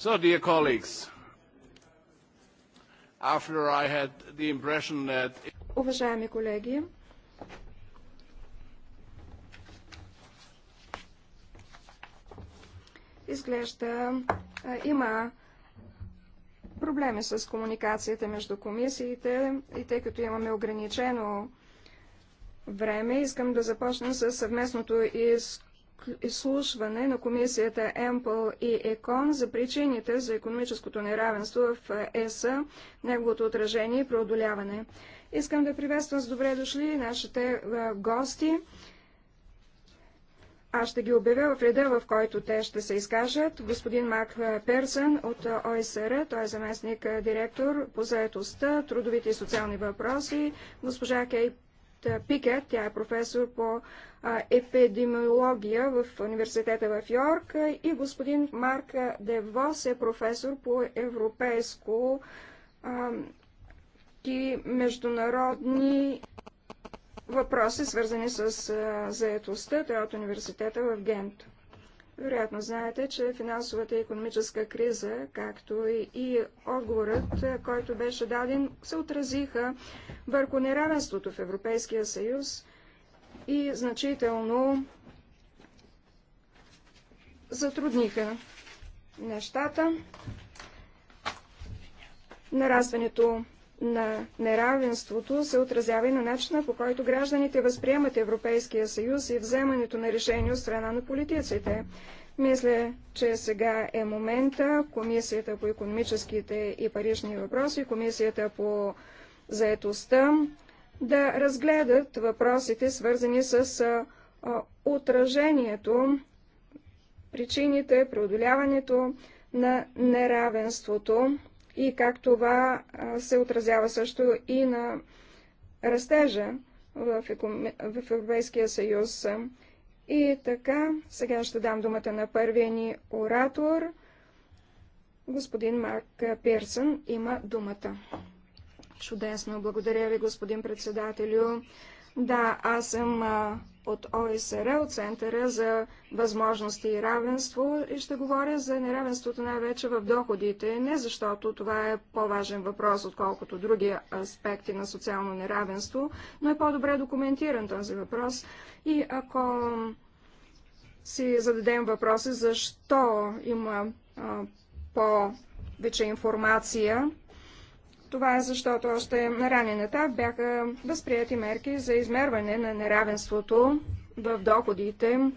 So, dear colleagues, after I had the impression that... Уважаеми колеги, изглежда има проблеми с комуникацията между комисиите и тъй като имаме ограничено време, искам да започна с съвместното изключение изслушване на комисията ЕМПЛ и ЕКОН за причините за економическото неравенство в ЕС, неговото отражение и преодоляване. Искам да приветствам с добре дошли нашите гости. Аз ще ги обявя в реда, в който те ще се изкажат. Господин Мак Персън от ОСР, той е заместник директор по заетостта, трудовите и социални въпроси. Госпожа Кей Пикет. Тя е професор по епидемиология в университета в Йорк и господин Марк Девос е професор по европейско и международни въпроси, свързани с заетостта. Е от университета в Гент. Вероятно знаете, че финансовата и економическа криза, както и отговорът, който беше даден, се отразиха върху неравенството в Европейския съюз и значително затрудниха нещата. Нарастването на неравенството се отразява и на начина, по който гражданите възприемат Европейския съюз и вземането на решение от страна на политиците. Мисля, че сега е момента Комисията по економическите и парични въпроси, Комисията по заетостта да разгледат въпросите, свързани с отражението, причините, преодоляването на неравенството и как това се отразява също и на растежа в Европейския съюз. И така, сега ще дам думата на първия ни оратор. Господин Марк Пирсън има думата. Чудесно, благодаря ви, господин председателю. Да, аз съм от ОСР, от Центъра за възможности и равенство и ще говоря за неравенството най-вече в доходите, не защото това е по-важен въпрос, отколкото други аспекти на социално неравенство, но е по-добре документиран този въпрос. И ако си зададем въпроси защо има повече информация това е защото още на ранен етап бяха възприяти мерки за измерване на неравенството в доходите,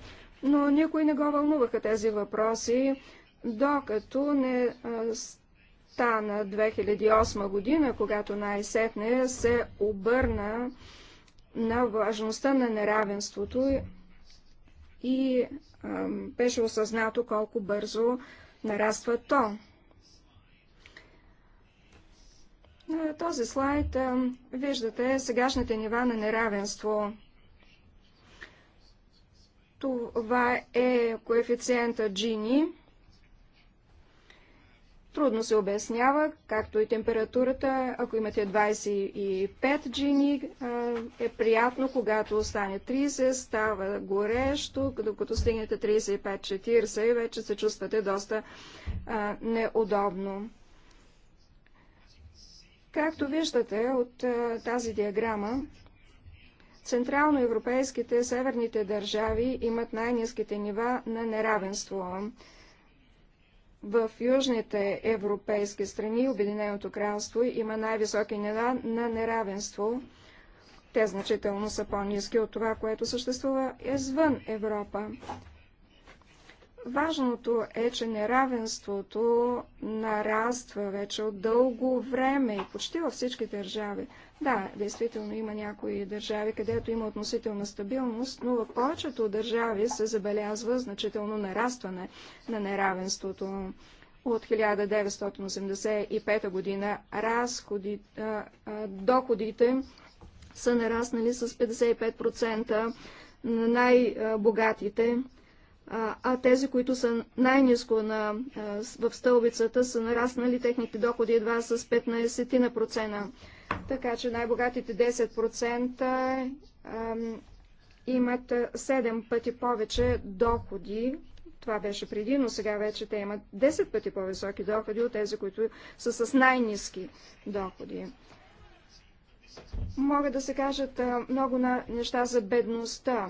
но никой не го вълнуваха тези въпроси, докато не стана 2008 година, когато най-сетне се обърна на важността на неравенството и беше осъзнато колко бързо нараства то. На този слайд виждате сегашните нива на неравенство. Това е коефициента Джини. Трудно се обяснява, както и температурата. Ако имате 25 джини, е приятно, когато остане 30, става горещо, докато стигнете 35-40, вече се чувствате доста неудобно. Както виждате от тази диаграма, централноевропейските северните държави имат най-низките нива на неравенство. В южните европейски страни Обединеното кралство има най-високи нива на неравенство. Те значително са по-низки от това, което съществува извън Европа. Важното е, че неравенството нараства вече от дълго време и почти във всички държави. Да, действително има някои държави, където има относителна стабилност, но в повечето държави се забелязва значително нарастване на неравенството. От 1985 година разходи, а, а, доходите са нараснали с 55% на най-богатите а тези, които са най-низко на, в стълбицата, са нараснали техните доходи едва с 15%. Така че най-богатите 10% имат 7 пъти повече доходи. Това беше преди, но сега вече те имат 10 пъти по-високи доходи от тези, които са с най-низки доходи. Могат да се кажат много на неща за бедността.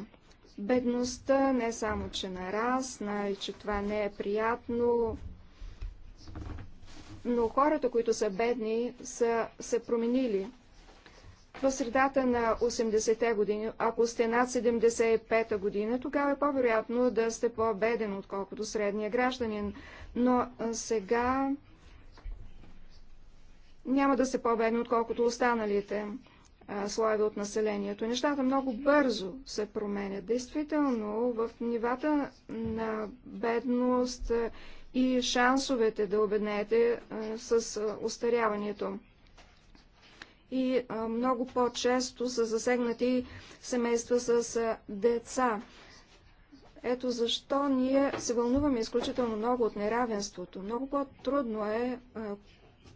Бедността не само, че нарасна и че това не е приятно, но хората, които са бедни, са се променили. В средата на 80-те години, ако сте над 75-та година, тогава е по-вероятно да сте по-беден, отколкото средния гражданин. Но сега няма да сте по-бедни, отколкото останалите слоеве от населението. Нещата много бързо се променят. Действително, в нивата на бедност и шансовете да обеднете с устаряването. И много по-често са засегнати семейства с деца. Ето защо ние се вълнуваме изключително много от неравенството. Много по-трудно е,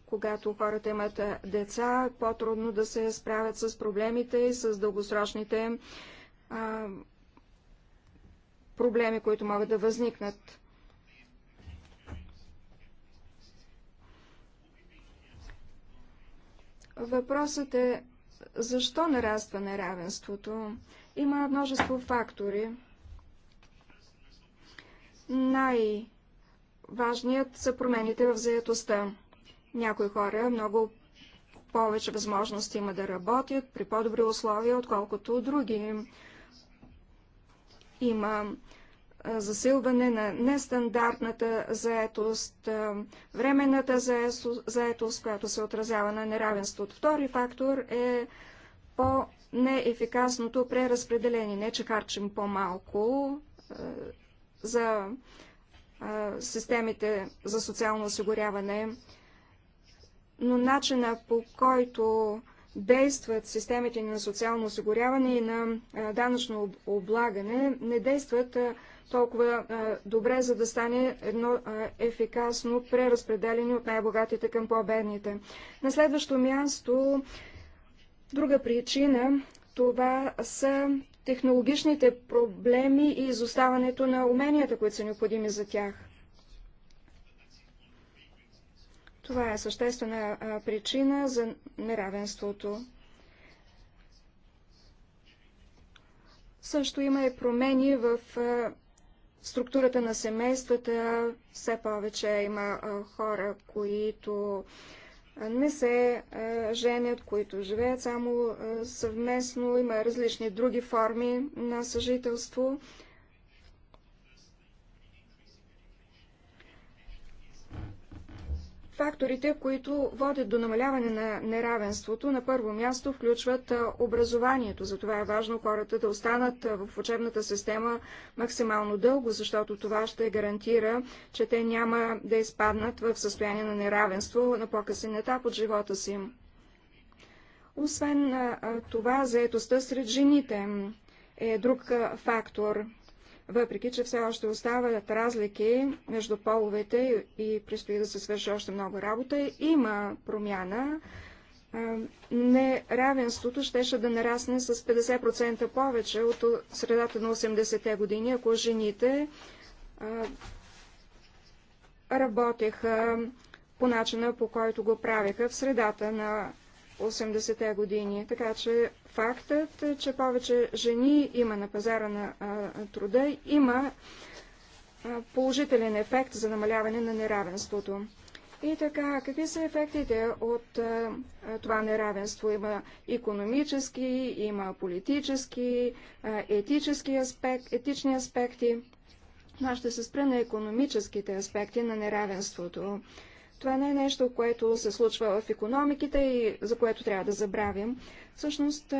когато хората имат деца, по-трудно да се справят с проблемите и с дългосрочните а, проблеми, които могат да възникнат. Въпросът е защо нараства неравенството? Има множество фактори. Най-важният са промените в заедостта. Някои хора много повече възможности има да работят при по-добри условия, отколкото други. Има засилване на нестандартната заетост, временната заетост, която се отразява на неравенството. Втори фактор е по-неефикасното преразпределение. Не, че харчим по-малко за системите за социално осигуряване но начина по който действат системите на социално осигуряване и на данъчно облагане, не действат толкова добре, за да стане едно ефикасно преразпределение от най-богатите към по-бедните. На следващо място, друга причина, това са технологичните проблеми и изоставането на уменията, които са необходими за тях. Това е съществена причина за неравенството. Също има и промени в структурата на семействата. Все повече има хора, които не се женят, които живеят само съвместно. Има различни други форми на съжителство. факторите, които водят до намаляване на неравенството, на първо място включват образованието. Затова е важно хората да останат в учебната система максимално дълго, защото това ще гарантира, че те няма да изпаднат в състояние на неравенство на по-късен етап от живота си. Освен това, заетостта сред жените е друг фактор – въпреки че все още остават разлики между половете и предстои да се свърши още много работа, има промяна. Неравенството щеше да нарасне с 50% повече от средата на 80-те години, ако жените работеха по начина, по който го правеха в средата на 80-те години. Така че фактът, е, че повече жени има на пазара на а, труда, има а, положителен ефект за намаляване на неравенството. И така, какви са ефектите от а, това неравенство? Има економически, има политически, а, етически аспект, етични аспекти. Но ще се спра на економическите аспекти на неравенството. Това не е нещо, което се случва в економиките и за което трябва да забравим. Всъщност,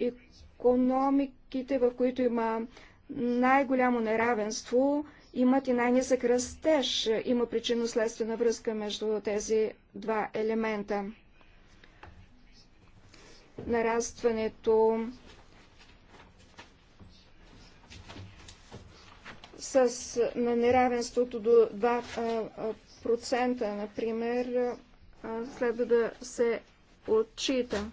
економиките, в които има най-голямо неравенство, имат и най-нисък растеж. Има причинно-следствена връзка между тези два елемента. Нарастването с, на неравенството до 2%, процента, например, следва да се отчита.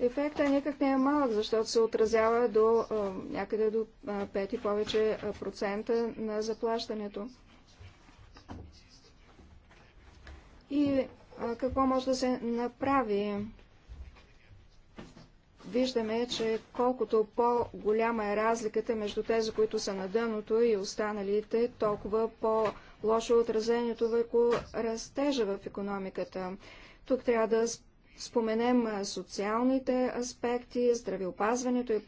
Ефектът никак не е малък, защото се отразява до някъде до 5 и повече процента на заплащането. И какво може да се направи? виждаме, че колкото по-голяма е разликата между тези, които са на дъното и останалите, толкова по-лошо е отразението върху растежа в економиката. Тук трябва да споменем социалните аспекти, здравеопазването и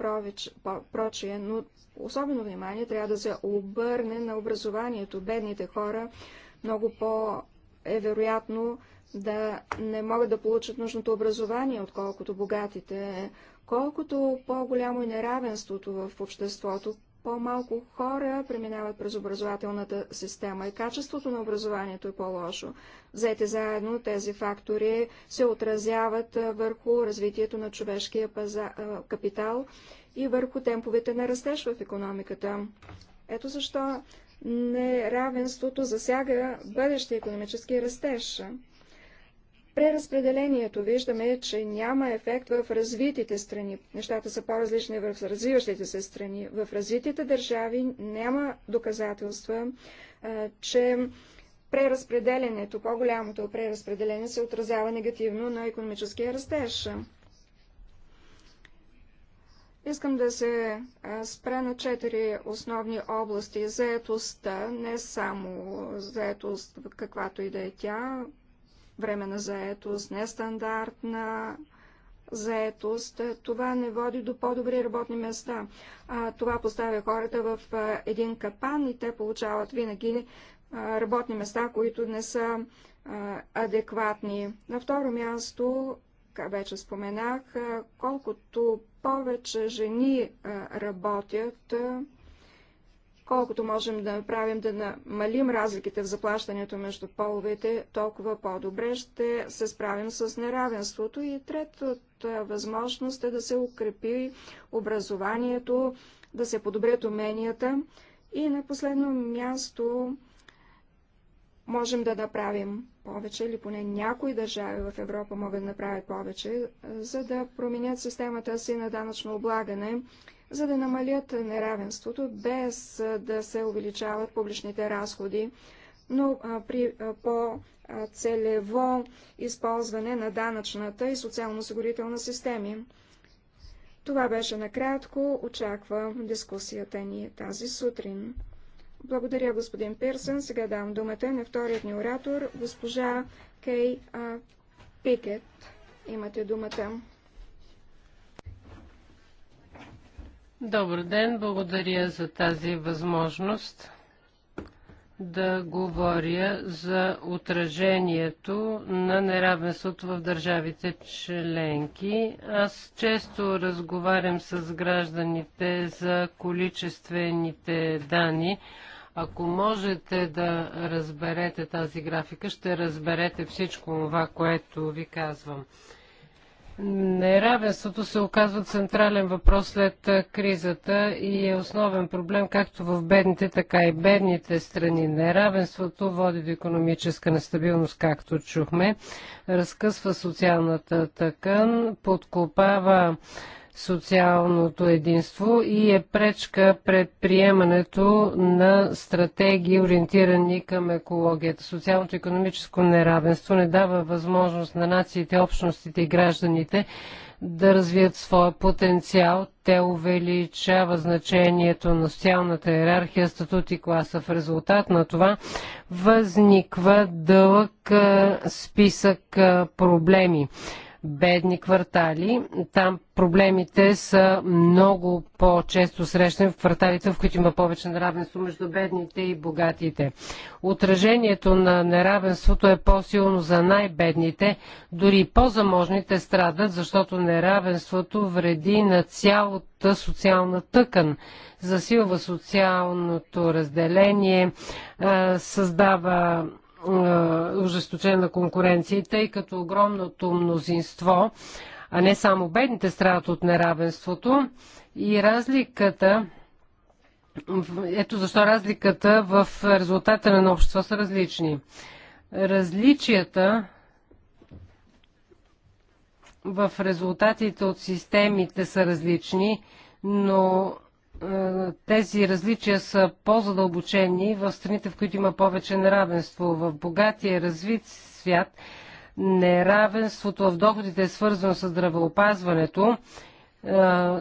прочие, но особено внимание трябва да се обърне на образованието. Бедните хора много по- е вероятно да не могат да получат нужното образование, отколкото богатите. Колкото по-голямо е неравенството в обществото, по-малко хора преминават през образователната система и качеството на образованието е по-лошо. Взете заедно тези фактори се отразяват върху развитието на човешкия паза... капитал и върху темповете на растеж в економиката. Ето защо неравенството засяга бъдещия економически растеж преразпределението виждаме, че няма ефект в развитите страни. Нещата са по-различни в развиващите се страни. В развитите държави няма доказателства, че преразпределението, по-голямото преразпределение се отразява негативно на економическия растеж. Искам да се спра на четири основни области. Заетостта, не само заетост, каквато и да е тя, време на заетост, нестандартна заетост. Е, това не води до по-добри работни места. А, това поставя хората в а, един капан и те получават винаги а, работни места, които не са а, адекватни. На второ място, как вече споменах, а, колкото повече жени а, работят, а, Колкото можем да направим да намалим разликите в заплащането между половете, толкова по-добре ще се справим с неравенството. И третата възможност е да се укрепи образованието, да се подобрят уменията. И на последно място можем да направим повече, или поне някои държави в Европа могат да направят повече, за да променят системата си на данъчно облагане за да намалят неравенството, без да се увеличават публичните разходи, но при по-целево използване на данъчната и социално-осигурителна системи. Това беше накратко. Очаквам дискусията ни тази сутрин. Благодаря, господин Пирсън. Сега давам думата на вторият ни оратор, госпожа Кей Пикет. Имате думата. Добър ден, благодаря за тази възможност да говоря за отражението на неравенството в държавите членки. Аз често разговарям с гражданите за количествените данни. Ако можете да разберете тази графика, ще разберете всичко това, което ви казвам. Неравенството се оказва централен въпрос след кризата и е основен проблем както в бедните, така и бедните страни. Неравенството води до економическа нестабилност, както чухме, разкъсва социалната тъкан, подкопава социалното единство и е пречка пред приемането на стратегии, ориентирани към екологията. Социалното и економическо неравенство не дава възможност на нациите, общностите и гражданите да развият своя потенциал. Те увеличава значението на социалната иерархия, статут и класа. В резултат на това възниква дълъг списък проблеми бедни квартали. Там проблемите са много по-често срещани в кварталите, в които има повече неравенство между бедните и богатите. Отражението на неравенството е по-силно за най-бедните, дори по-заможните страдат, защото неравенството вреди на цялата социална тъкан, засилва социалното разделение, създава е, ожесточена конкуренция, тъй като огромното мнозинство, а не само бедните страдат от неравенството и разликата ето защо разликата в резултата на общество са различни. Различията в резултатите от системите са различни, но е, тези различия са по-задълбочени в страните, в които има повече неравенство. В богатия развит свят неравенството в доходите е свързано с здравеопазването, е,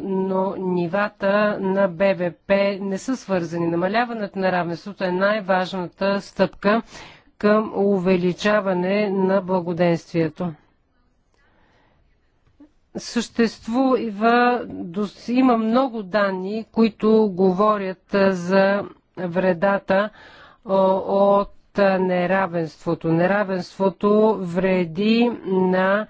но нивата на БВП не са свързани. Намаляването на равенството е най-важната стъпка към увеличаване на благоденствието съществува, има много данни, които говорят за вредата от неравенството. Неравенството вреди на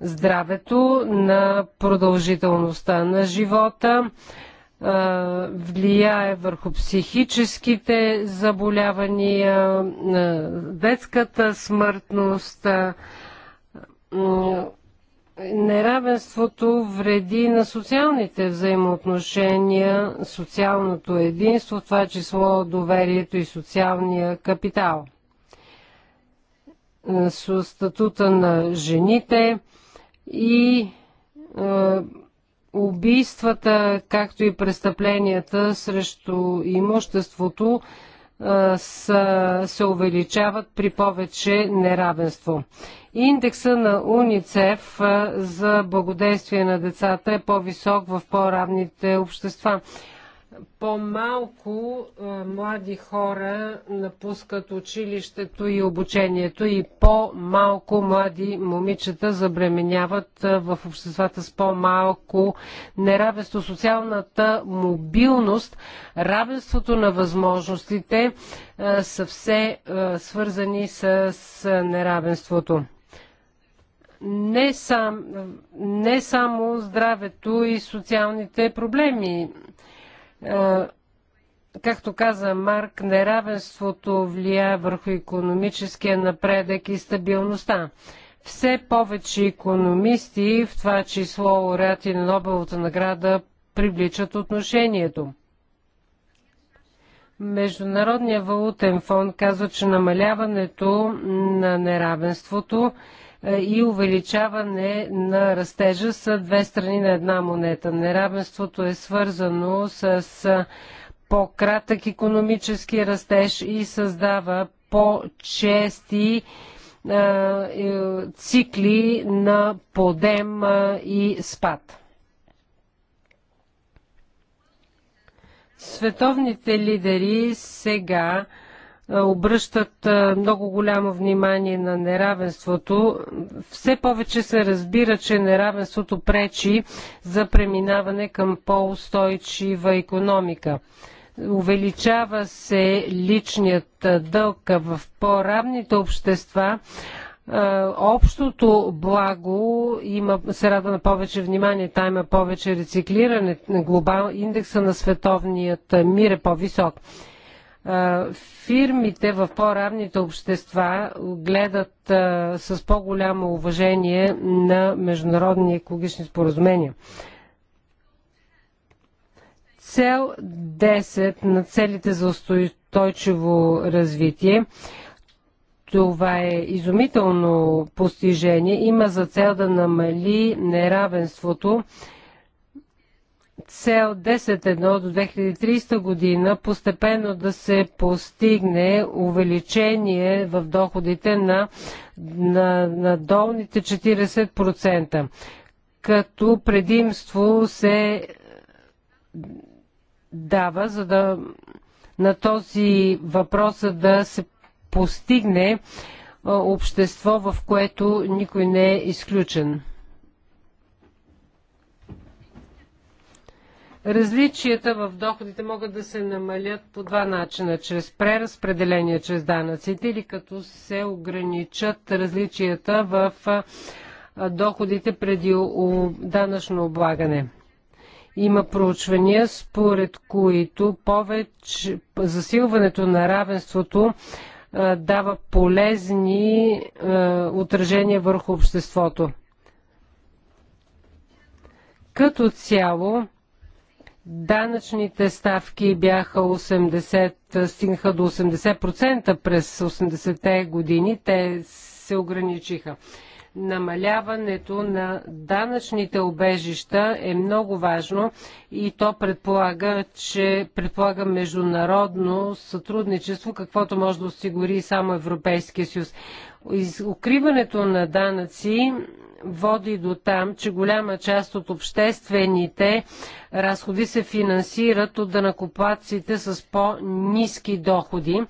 здравето, на продължителността на живота, влияе върху психическите заболявания, детската смъртност, неравенството вреди на социалните взаимоотношения, социалното единство, това число доверието и социалния капитал. Е, С статута на жените и е, убийствата, както и престъпленията срещу имуществото, са, се увеличават при повече неравенство. Индекса на УНИЦЕФ за благодействие на децата е по-висок в по-равните общества по-малко млади хора напускат училището и обучението и по-малко млади момичета забременяват в обществата с по-малко неравенство. Социалната мобилност, равенството на възможностите са все свързани с неравенството не, сам, не само здравето и социалните проблеми е, както каза Марк, неравенството влияе върху економическия напредък и стабилността. Все повече економисти, в това число лауреати на Нобеловата награда, привличат отношението. Международният валутен фонд казва, че намаляването на неравенството е, и увеличаване на растежа са две страни на една монета. Неравенството е свързано с по-кратък економически растеж и създава по-чести е, е, цикли на подем и спад. Световните лидери сега обръщат много голямо внимание на неравенството. Все повече се разбира, че неравенството пречи за преминаване към по-устойчива економика. Увеличава се личният дълг в по-равните общества. Общото благо има, се рада на повече внимание, та има повече рециклиране, глобал, индекса на световният мир е по-висок фирмите в по-равните общества гледат с по-голямо уважение на международни екологични споразумения. Цел 10 на целите за устойчиво развитие. Това е изумително постижение. Има за цел да намали неравенството цел 10.1 до 2030 година постепенно да се постигне увеличение в доходите на, на, на долните 40%, като предимство се дава, за да на този въпрос да се постигне общество, в което никой не е изключен. Различията в доходите могат да се намалят по два начина, чрез преразпределение, чрез данъците или като се ограничат различията в доходите преди данъчно облагане. Има проучвания, според които повече засилването на равенството дава полезни отражения върху обществото. Като цяло, Данъчните ставки бяха 80, стигнаха до 80% през 80-те години. Те се ограничиха. Намаляването на данъчните обежища е много важно и то предполага, че предполага международно сътрудничество, каквото може да осигури само Европейския съюз. Укриването на данъци води до там, че голяма част от обществените разходи се финансират от данакоплаците с по-низки доходи.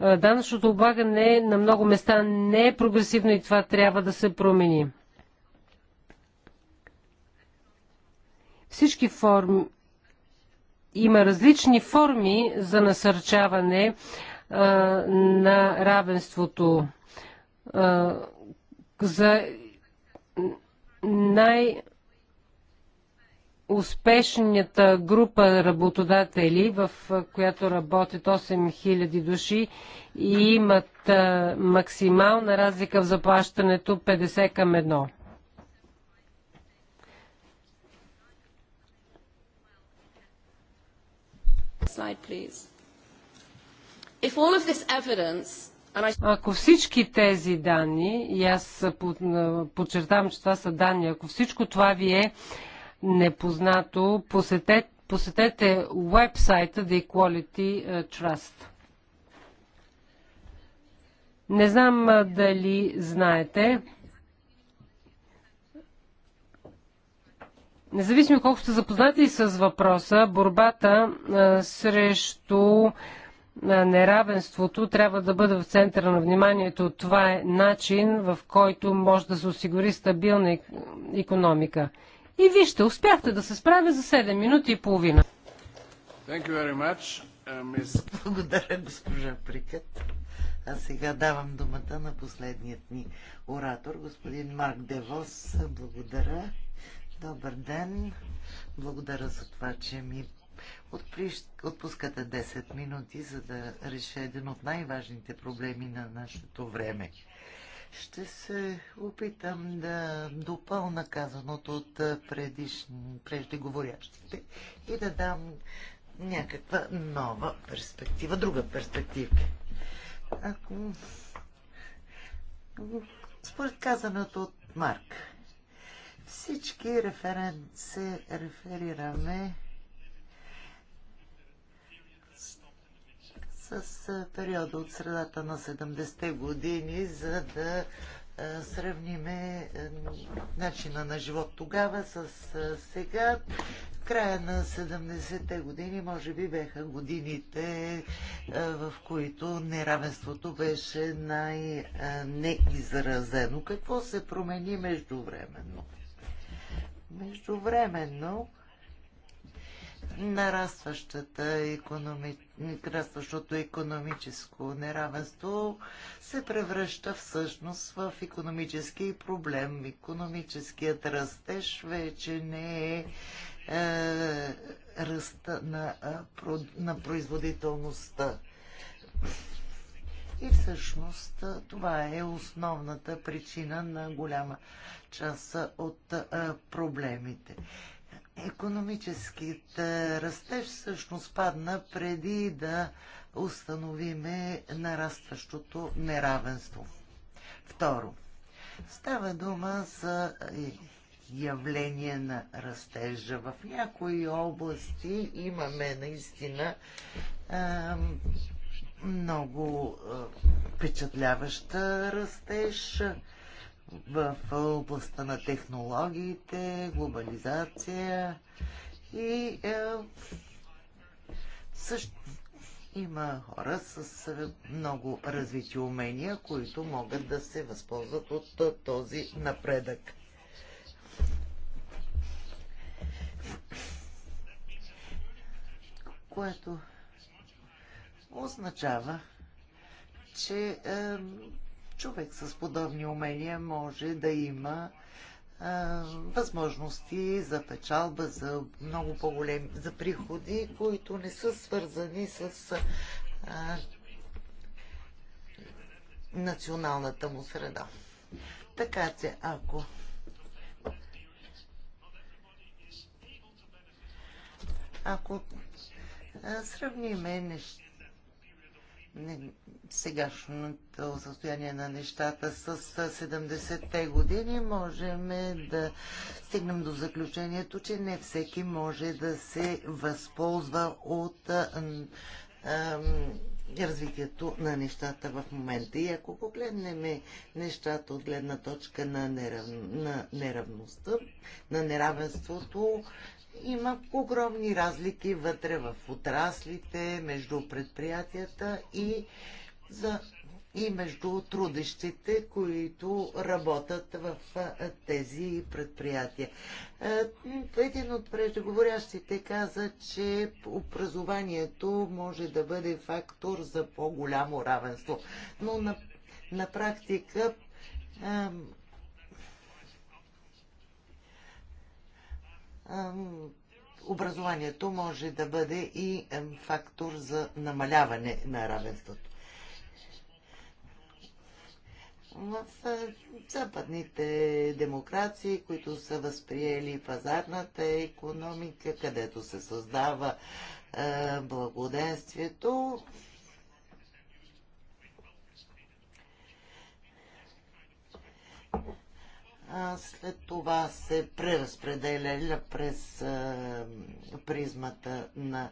Данъчното облагане на много места не е прогресивно и това трябва да се промени. Всички форми има различни форми за насърчаване а, на равенството а, за най- успешната група работодатели, в която работят 8000 души и имат максимална разлика в заплащането 50 към 1. Slide, please. If all of this evidence ако всички тези данни, и аз подчертавам, че това са данни, ако всичко това ви е непознато, посетете, посетете веб-сайта The Equality е, Trust. Не знам е, дали знаете, Независимо колко сте запознати с въпроса, борбата а, е, срещу неравенството трябва да бъде в центъра на вниманието. Това е начин, в който може да се осигури стабилна економика. И вижте, успяхте да се справя за 7 минути и половина. Much, uh, Благодаря, госпожа Прикът. А сега давам думата на последният ни оратор, господин Марк Девос. Благодаря. Добър ден. Благодаря за това, че ми отпускате 10 минути, за да реша един от най-важните проблеми на нашето време. Ще се опитам да допълна казаното от преждеговорящите и да дам някаква нова перспектива, друга перспектива. Ако... Според казаното от Марк, всички референ... се реферираме с периода от средата на 70-те години, за да сравниме начина на живот тогава с сега. В края на 70-те години, може би, беха годините, в които неравенството беше най-неизразено. Какво се промени междувременно? Междувременно нарастващата економи... нарастващото економическо неравенство се превръща всъщност в економически проблем. Економическият растеж вече не е, е ръста на, на производителността. И всъщност това е основната причина на голяма част от проблемите. Економическият е, растеж всъщност падна преди да установиме нарастващото неравенство. Второ, става дума за е, явление на растежа. В някои области имаме наистина е, много впечатляваща растеж в областта на технологиите, глобализация и е, също има хора с много развити умения, които могат да се възползват от този напредък. Което означава, че е, човек с подобни умения може да има а, възможности за печалба, за много по-големи, за приходи, които не са свързани с а, националната му среда. Така че, ако ако сравниме неща, сегашното състояние на нещата с 70-те години, можем да стигнем до заключението, че не всеки може да се възползва от развитието на нещата в момента. И ако погледнем нещата от гледна точка на неравността, на неравенството, има огромни разлики вътре в отраслите, между предприятията и, за, и между трудещите, които работят в тези предприятия. Един от преждеговорящите каза, че образованието може да бъде фактор за по-голямо равенство. Но на, на практика образованието може да бъде и фактор за намаляване на равенството. В западните демокрации, които са възприели пазарната економика, където се създава благоденствието, след това се преразпределя през призмата на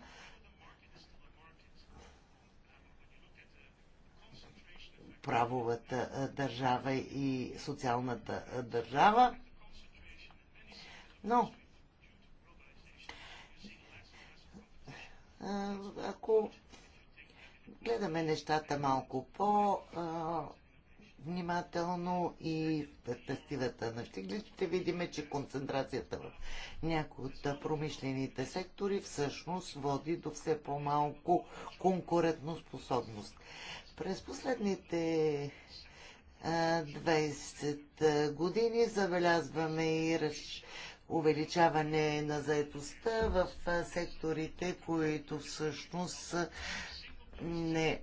правовата държава и социалната държава. Но ако гледаме нещата малко по внимателно и тестивата на щигли, ще видим, че концентрацията в някои от промишлените сектори всъщност води до все по-малко конкурентоспособност. През последните 20 години забелязваме и разш... увеличаване на заетостта в секторите, които всъщност не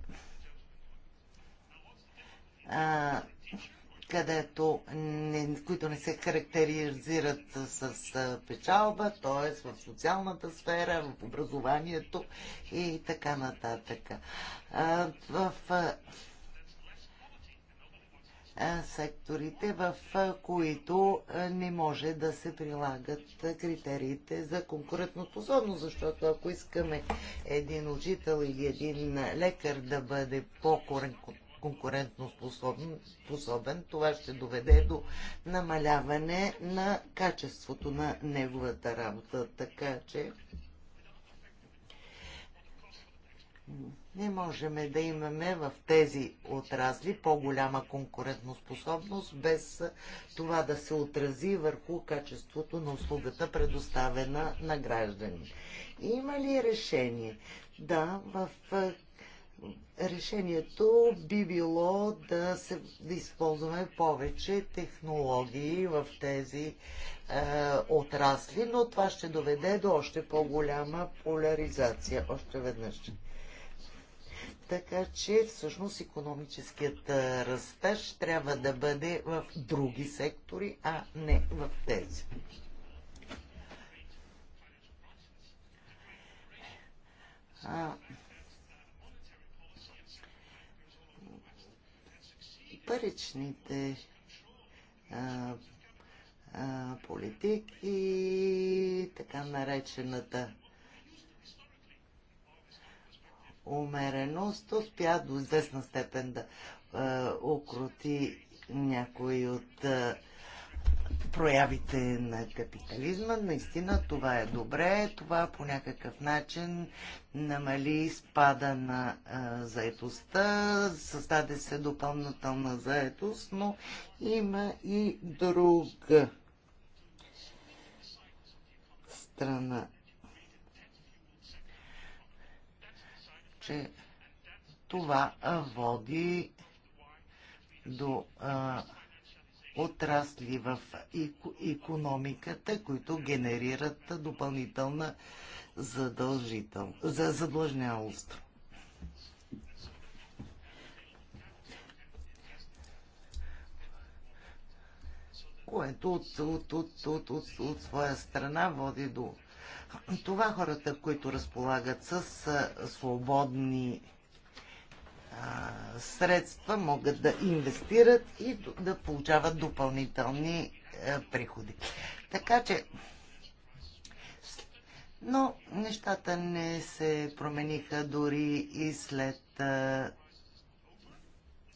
където не, които не се характеризират с, с печалба, т.е. в социалната сфера, в образованието и така нататък. А, в а, секторите, в които не може да се прилагат критериите за конкурентоспособност, защото ако искаме един учител или един лекар да бъде по-конкурентоспособен, конкурентно способен, Това ще доведе до намаляване на качеството на неговата работа. Така че не можем да имаме в тези отрасли по-голяма конкурентоспособност, без това да се отрази върху качеството на услугата, предоставена на граждани. Има ли решение? Да, в решението би било да, се, да използваме повече технологии в тези е, отрасли, но това ще доведе до още по-голяма поляризация, още веднъж. Така че всъщност економическият е, растеж трябва да бъде в други сектори, а не в тези. А, паричните а, а, политики, така наречената умереност, успя до известна степен да а, укроти някои от а, проявите на капитализма. Наистина това е добре. Това по някакъв начин намали спада на а, заетостта, създаде се допълнителна заетост, но има и друга страна. Че това води до а, отрасли в економиката, които генерират допълнителна задължител, за задлъжнялост. което от, от, от, от, от, от своя страна води до това хората, които разполагат с свободни средства могат да инвестират и да получават допълнителни е, приходи. Така че, но нещата не се промениха дори и след е,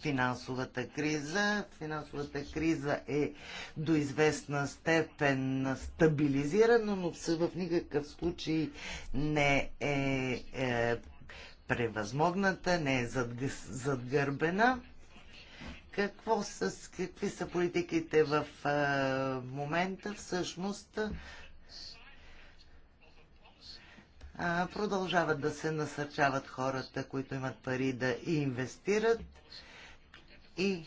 финансовата криза. Финансовата криза е до известна степен стабилизирана, но в никакъв случай не е, е превъзмогната, не е задгърбена. Какво с, какви са политиките в момента? Всъщност продължават да се насърчават хората, които имат пари да инвестират и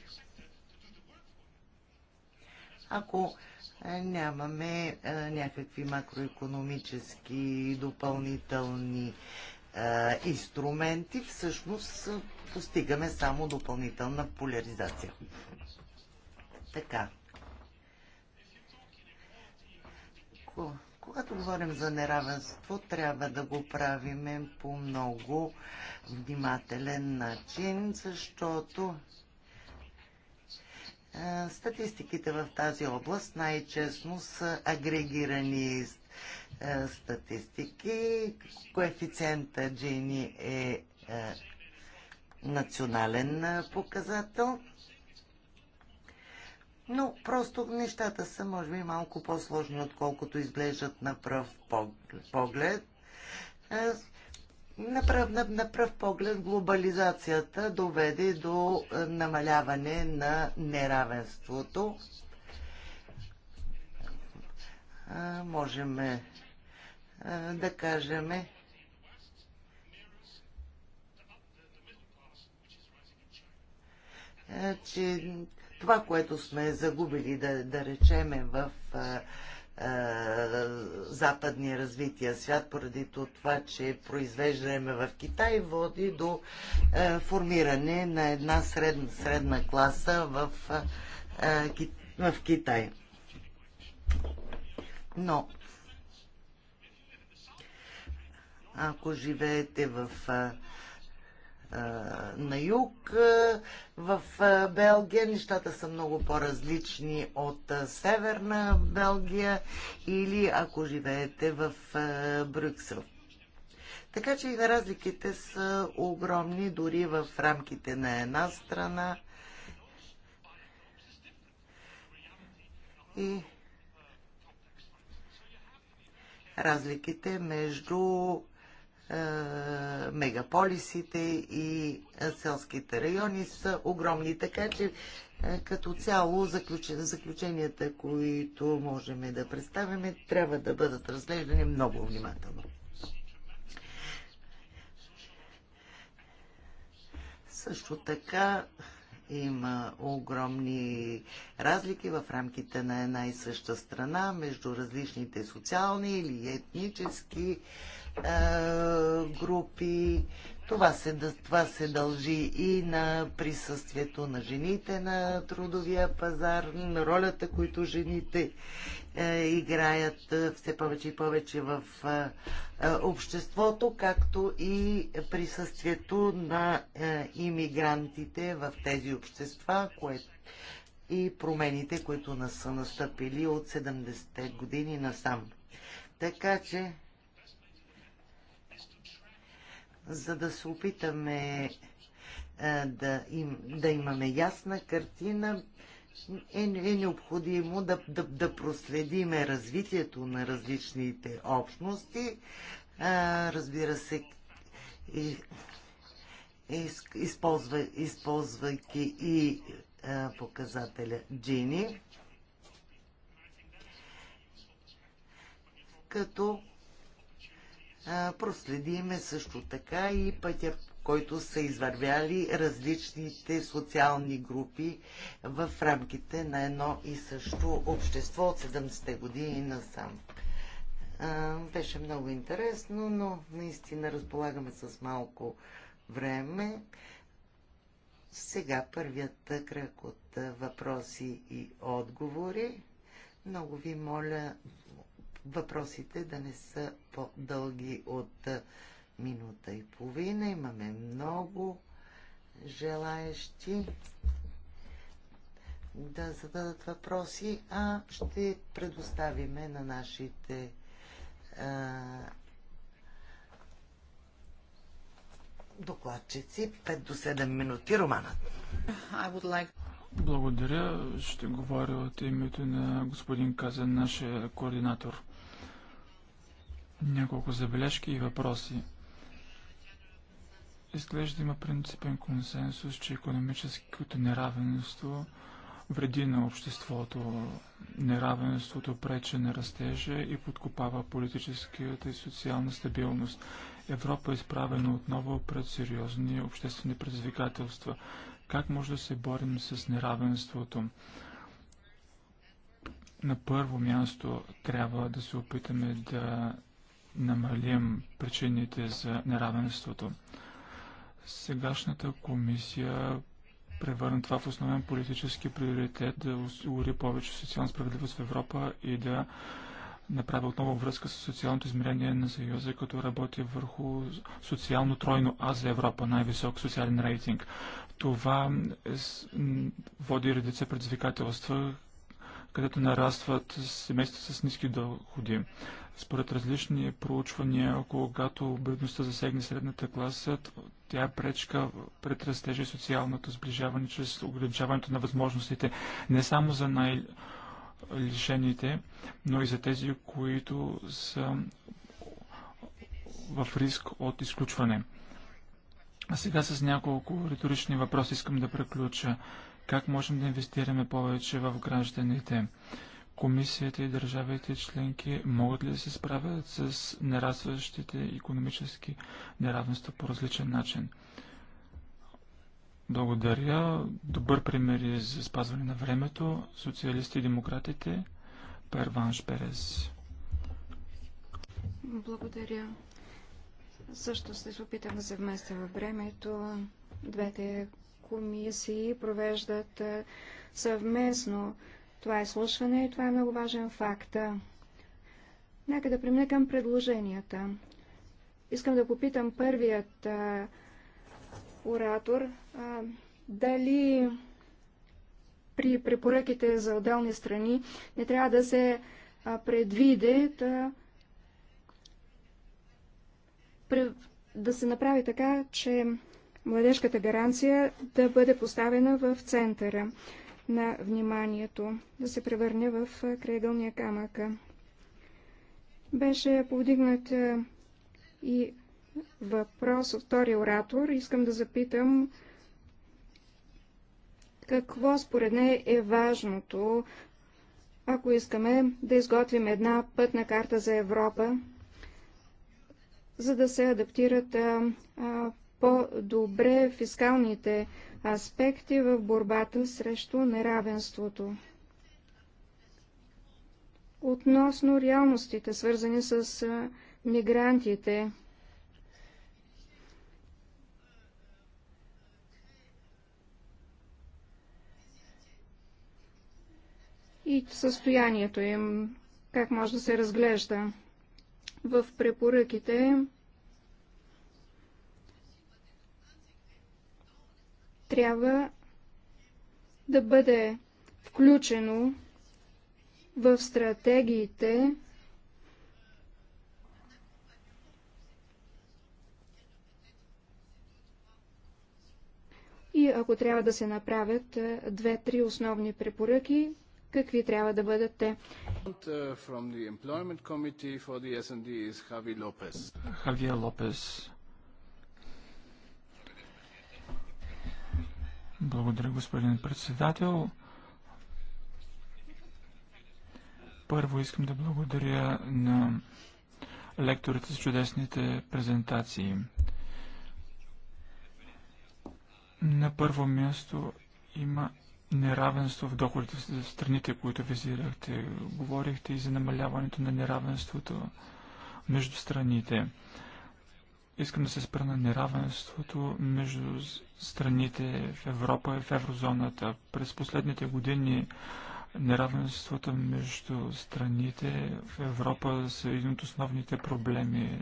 ако нямаме някакви макроекономически допълнителни а, е, инструменти, всъщност е, постигаме само допълнителна поляризация. Така. Когато говорим за неравенство, трябва да го правим по много внимателен начин, защото е, статистиките в тази област най-честно са агрегирани е, статистики. Коефициента Джини е, е национален е, показател. Но просто нещата са, може би, малко по-сложни, отколкото изглеждат на пръв поглед. На пръв, на, на пръв поглед глобализацията доведе до намаляване на неравенството. Можем да кажем, че това, което сме загубили, да, да речеме, в а, а, западния развития свят, поради това, че произвеждаме в Китай, води до а, формиране на една средна, средна класа в, а, ки, в Китай. Но Ако живеете в на юг. В Белгия нещата са много по-различни от северна Белгия или ако живеете в Брюксел. Така че и на разликите са огромни дори в рамките на една страна. И разликите между е, мегаполисите и селските райони са огромни. Така че е, като цяло заключенията, които можем да представяме, трябва да бъдат разглеждани много внимателно. Също така има огромни разлики в рамките на една и съща страна между различните социални или етнически групи. Това се, това се дължи и на присъствието на жените на трудовия пазар, на ролята, които жените е, играят все повече и повече в е, обществото, както и присъствието на е, иммигрантите в тези общества, кое, и промените, които са настъпили от 70-те години насам. Така че за да се опитаме да, им, да имаме ясна картина, е, е необходимо да, да, да проследиме развитието на различните общности. А, разбира се, и, използва, използвайки и а, показателя Джини, като проследиме също така и пътя, който са извървяли различните социални групи в рамките на едно и също общество от 70-те години насам. Беше много интересно, но наистина разполагаме с малко време. Сега първият кръг от въпроси и отговори. Много ви моля въпросите да не са по-дълги от минута и половина. Имаме много желаещи да зададат въпроси, а ще предоставиме на нашите а, докладчици 5 до 7 минути романът. Like... Благодаря. Ще говоря от името на господин Казан, нашия координатор. Няколко забележки и въпроси. Изглежда има принципен консенсус, че економическото неравенство вреди на обществото. Неравенството прече на растежа и подкопава политическата и социална стабилност. Европа е изправена отново пред сериозни обществени предизвикателства. Как може да се борим с неравенството? На първо място трябва да се опитаме да намалим причините за неравенството. Сегашната комисия превърна това в основен политически приоритет да осигури повече социална справедливост в Европа и да направи отново връзка с социалното измерение на Съюза, като работи върху социално тройно А за Европа, най-висок социален рейтинг. Това води редица предизвикателства, където нарастват семейства с ниски доходи. Според различни проучвания, когато бедността засегне средната класа, тя е пречка пред растежа и социалното сближаване чрез ограничаването на възможностите не само за най-лишените, но и за тези, които са в риск от изключване. А сега с няколко риторични въпроси искам да преключа. Как можем да инвестираме повече в гражданите? комисията и държавите членки могат ли да се справят с нерастващите економически неравенства по различен начин? Благодаря. Добър пример е за спазване на времето. Социалисти и демократите. Перванш Перес. Благодаря. Също ще се опитам да се вместя във времето. Двете комисии провеждат съвместно това е слушване и това е много важен факт. Нека да премина към предложенията. Искам да попитам първият а, оратор а, дали при препоръките за отделни страни не трябва да се а, предвиде да, да се направи така, че младежката гаранция да бъде поставена в центъра на вниманието, да се превърне в крайъгълния камък. Беше повдигнат и въпрос от втори оратор. Искам да запитам какво според нея е важното, ако искаме да изготвим една пътна карта за Европа, за да се адаптират по-добре фискалните аспекти в борбата срещу неравенството. Относно реалностите, свързани с мигрантите, и състоянието им, как може да се разглежда. В препоръките трябва да бъде включено в стратегиите и ако трябва да се направят е, две-три основни препоръки, какви трябва да бъдат те. Хавия Лопес. Благодаря, господин председател. Първо искам да благодаря на лекторите с чудесните презентации. На първо място има неравенство в доходите за страните, които визирахте. Говорихте и за намаляването на неравенството между страните. Искам да се спра на неравенството между страните в Европа и в еврозоната. През последните години неравенството между страните в Европа са един от основните проблеми.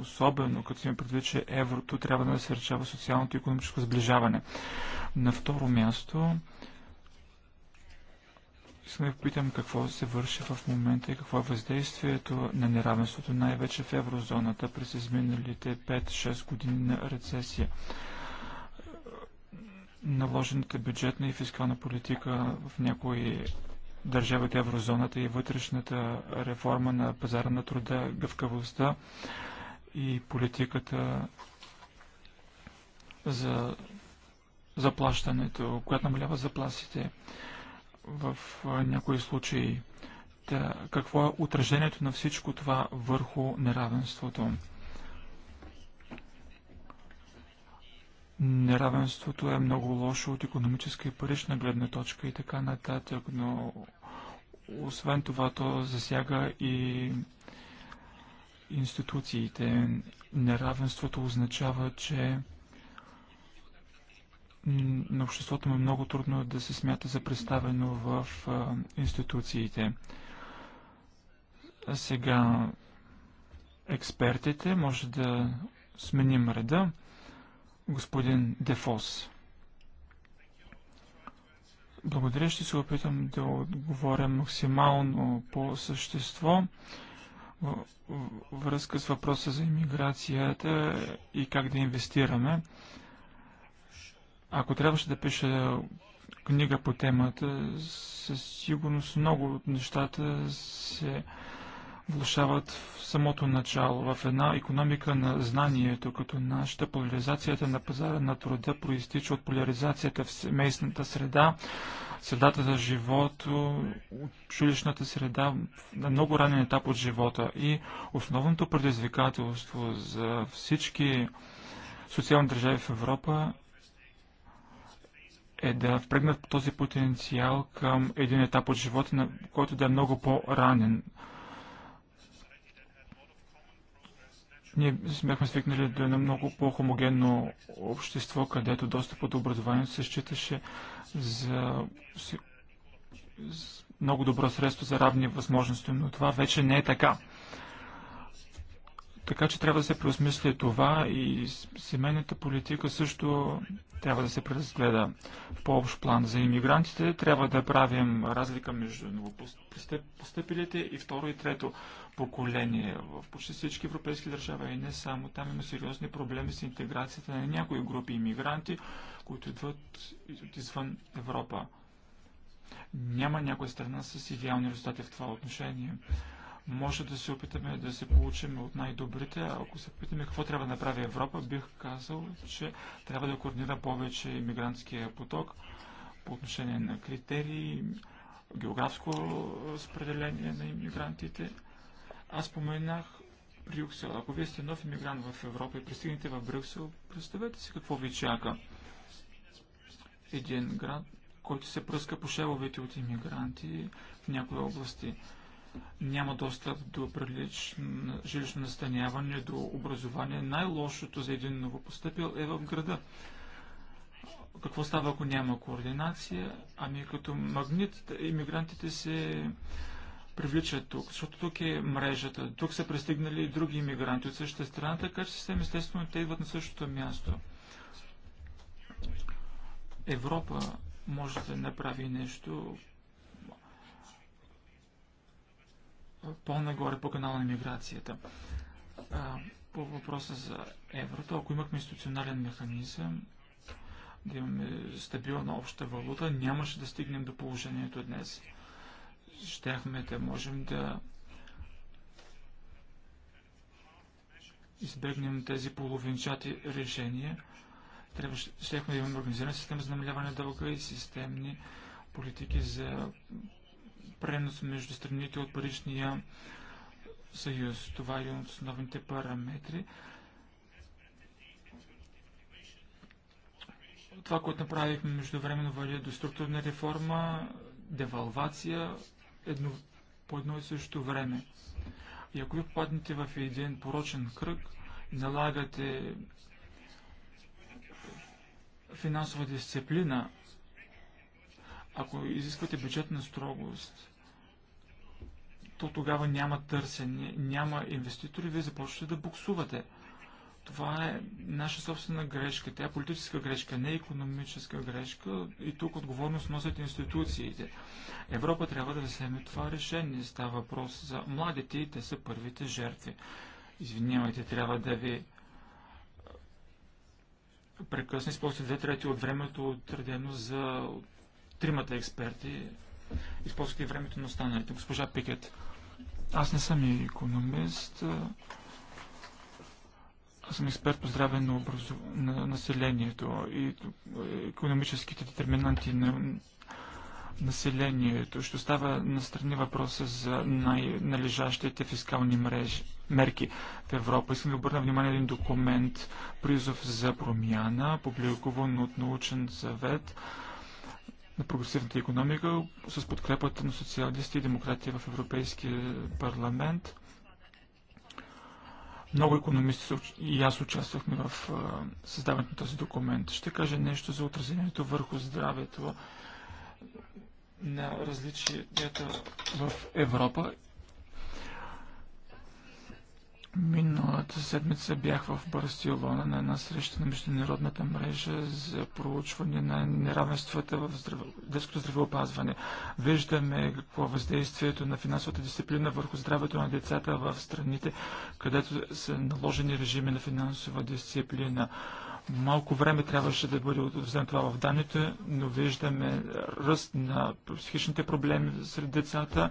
Особено като имаме предвид, че еврото трябва да насърчава социалното и економическо сближаване. На второ място, Искам да попитам какво се върши в момента и какво е въздействието на неравенството, най-вече в еврозоната през изминалите 5-6 години на рецесия. Наложената бюджетна и фискална политика в някои държави от еврозоната и вътрешната реформа на пазара на труда, гъвкавостта и политиката за заплащането, която намалява запласите в някои случаи. Та, какво е отражението на всичко това върху неравенството? Неравенството е много лошо от економическа и парична гледна точка и така нататък, но освен това то засяга и институциите. Неравенството означава, че на обществото му е много трудно да се смята за представено в а, институциите. А сега експертите, може да сменим реда. Господин Дефос. Благодаря, ще се опитам да отговоря максимално по същество връзка с въпроса за иммиграцията и как да инвестираме. Ако трябваше да пиша книга по темата, със сигурност много от нещата се влушават в самото начало. В една економика на знанието, като нашата поляризацията на пазара на труда проистича от поляризацията в семейната среда, средата за живот, училищната среда на много ранен етап от живота. И основното предизвикателство за всички социални държави в Европа е да впрегнат този потенциал към един етап от живота, на който да е много по-ранен. Ние смехме свикнали до едно много по-хомогенно общество, където достъп от образованието се считаше за много добро средство за равни възможности, но това вече не е така. Така че трябва да се преосмисли това и семейната политика също трябва да се преразгледа по-общ план. За иммигрантите трябва да правим разлика между новопостъпилите и второ и трето поколение. В почти всички европейски държави и не само. Там има сериозни проблеми с интеграцията на някои групи иммигранти, които идват от извън Европа. Няма някоя страна с идеални резултати в това отношение. Може да се опитаме да се получим от най-добрите. Ако се опитаме какво трябва да направи Европа, бих казал, че трябва да координира повече иммигрантския поток по отношение на критерии, географско разпределение на иммигрантите. Аз споменах Брюксел. Ако вие сте нов иммигрант в Европа и пристигнете в Брюксел, представете си какво ви чака. Един град, който се пръска по шеловете от иммигранти в някои области няма достъп до прилично жилищно настаняване, до образование. Най-лошото за един новопостъпил е в града. Какво става, ако няма координация? Ами като магнит, иммигрантите се привличат тук, защото тук е мрежата. Тук са пристигнали и други иммигранти от същата страна, така че съвсем естествено те идват на същото място. Европа може да направи нещо по-нагоре по канала на миграцията. А, по въпроса за еврото, ако имахме институционален механизъм, да имаме стабилна обща валута, нямаше да стигнем до положението днес. Щяхме да можем да избегнем тези половинчати решения. Трябваше, щяхме да имаме организирана система за намаляване дълга и системни политики за пренос между страните от Паричния съюз. Това е един от основните параметри. Това, което направихме междувременно, води до структурна реформа, девалвация едно, по едно и също време. И ако ви попаднете в един порочен кръг, налагате финансова дисциплина, ако изисквате бюджетна строгост, то тогава няма търсене, няма инвеститори, вие започвате да буксувате. Това е наша собствена грешка. Тя е политическа грешка, не е економическа грешка и тук отговорност носят институциите. Европа трябва да вземе това решение. Става въпрос за младите и те са първите жертви. Извинявайте, трябва да ви прекъсна. Използвате две трети от времето отредено за тримата експерти. Използвате времето на останалите. Госпожа Пикет. Аз не съм и економист. Аз съм експерт по здраве на, образу... на населението и економическите детерминанти на населението. Ще остава настрани въпроса за най-належащите фискални мрежи, мерки в Европа. Искам да обърна внимание на един документ, призов за промяна, публикуван от научен съвет на прогресивната економика с подкрепата на социалисти и демократи в Европейския парламент. Много економисти и аз участвахме в създаването на този документ. Ще кажа нещо за отразението върху здравето на различията в Европа Миналата седмица бях в Барселона на една среща на Международната мрежа за проучване на неравенствата в детското здравеопазване. Виждаме какво е въздействието на финансовата дисциплина върху здравето на децата в страните, където са наложени режими на финансова дисциплина. Малко време трябваше да бъде отвзем това в данните, но виждаме ръст на психичните проблеми сред децата,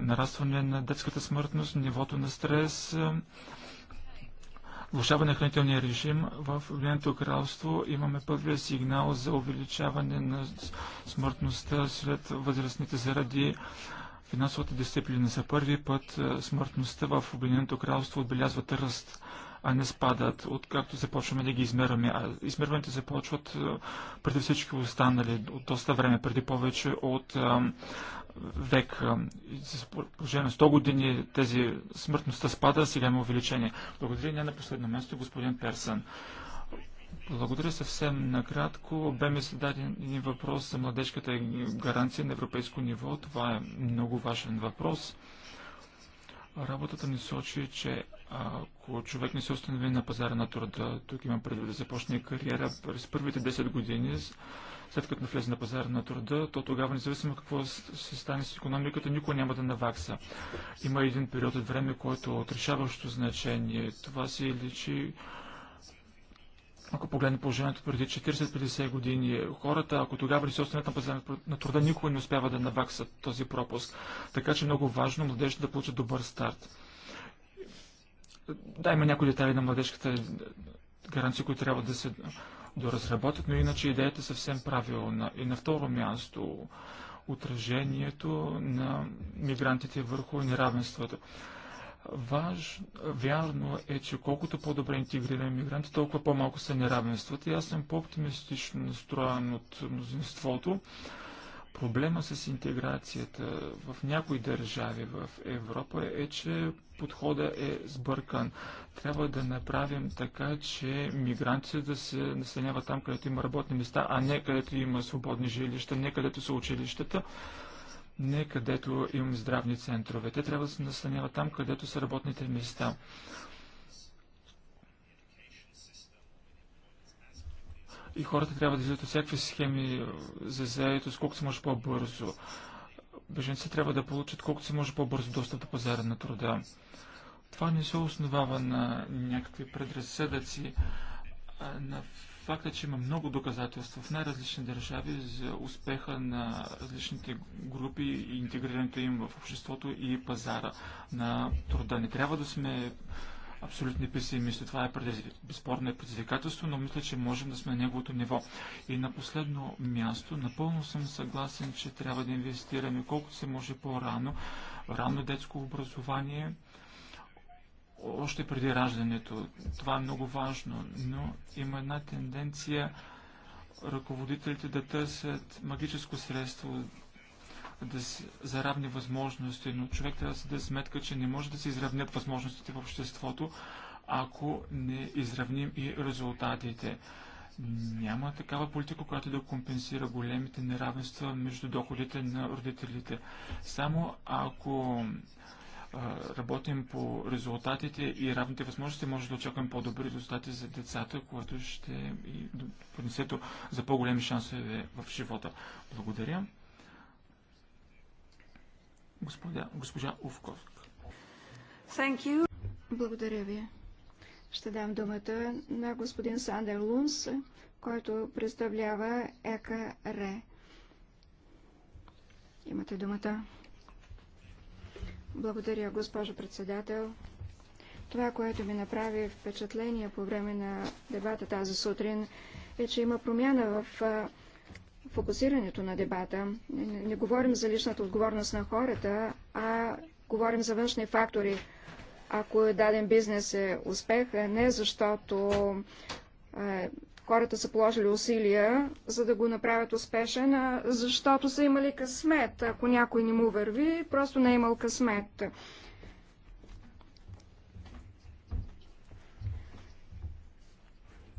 нарастване на детската смъртност, нивото на стрес, влушаване на хранителния режим. В Обединеното кралство имаме първия сигнал за увеличаване на смъртността сред възрастните заради финансовата дисциплина. За първи път смъртността в Обединеното кралство отбелязва ръст а не спадат, откакто започваме да ги измерваме. А измерването започват преди всички останали от доста време, преди повече от век. За положение на 100 години тези смъртността спада, сега има увеличение. Благодаря не на последно място, господин Персън. Благодаря съвсем накратко. Бе ми е зададен един въпрос за младежката гаранция на европейско ниво. Това е много важен въпрос. Работата ни сочи, че ако човек не се установи на пазара на труда, тук има предвид да започне кариера през първите 10 години, след като навлезе на пазара на труда, то тогава, независимо какво се стане с економиката, никой няма да навакса. Има един период от време, който е от решаващо значение. Това се личи ако погледне положението преди 40-50 години, хората, ако тогава не се останат на пазара на труда, никой не успява да навакса този пропуск. Така че е много важно младежите да получат добър старт. Да, има някои детайли на младежката гаранция, които трябва да се доразработят, но иначе идеята е съвсем правилна. И на второ място отражението на мигрантите върху неравенството. Важ, вярно е, че колкото по-добре интегрираме мигранти, толкова по-малко са неравенствата. И аз съм по-оптимистично настроен от мнозинството. Проблема с интеграцията в някои държави в Европа е, че подхода е сбъркан. Трябва да направим така, че мигрантите да се настаняват там, където има работни места, а не където има свободни жилища, не където са училищата, не където има здравни центрове. Те трябва да се настаняват там, където са работните места. И хората трябва да излизат от всякакви схеми за заето, колкото се може по-бързо беженци трябва да получат колкото се може по-бързо достъп до пазара на труда. Това не се основава на някакви предразсъдъци, а на факта, че има много доказателства в най-различни държави за успеха на различните групи и интегрирането им в обществото и пазара на труда. Не трябва да сме абсолютни песимисти. Това е безспорно е предизвикателство, но мисля, че можем да сме на неговото ниво. И на последно място, напълно съм съгласен, че трябва да инвестираме колкото се може по-рано, рано детско образование, още преди раждането. Това е много важно, но има една тенденция ръководителите да търсят магическо средство да се, заравни възможности, но човек трябва да се да сметка, че не може да се изравнят възможностите в обществото, ако не изравним и резултатите. Няма такава политика, която да компенсира големите неравенства между доходите на родителите. Само ако работим по резултатите и равните възможности, може да очакваме по-добри резултати за децата, което ще и принесе за по-големи шансове в живота. Благодаря. Господя, госпожа Увковска. Благодаря ви. Ще дам думата на господин Сандер Лунс, който представлява ЕКР. Имате думата. Благодаря, госпожо председател. Това, което ми направи впечатление по време на дебата тази сутрин, е, че има промяна в фокусирането на дебата. Не, не, не говорим за личната отговорност на хората, а говорим за външни фактори. Ако даден бизнес е успех, не защото е, хората са положили усилия, за да го направят успешен, а защото са имали късмет. Ако някой не му върви, просто не е имал късмет.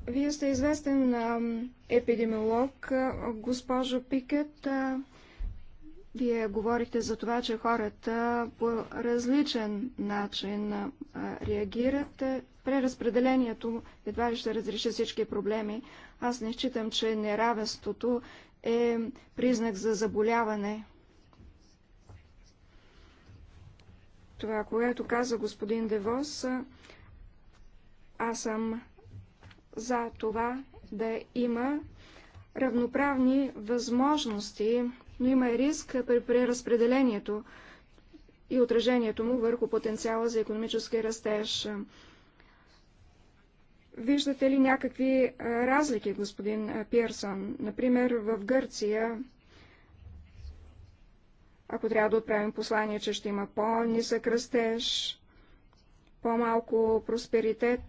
Вие сте известен епидемиолог, госпожо Пикет. Вие говорихте за това, че хората по различен начин реагират. Преразпределението едва ли ще разреши всички проблеми. Аз не считам, че неравенството е признак за заболяване. Това, което каза господин Девос, аз съм за това да има равноправни възможности, но има риск при преразпределението и отражението му върху потенциала за економически растеж. Виждате ли някакви разлики, господин Пирсън? Например, в Гърция, ако трябва да отправим послание, че ще има по-нисък растеж, по-малко просперитет,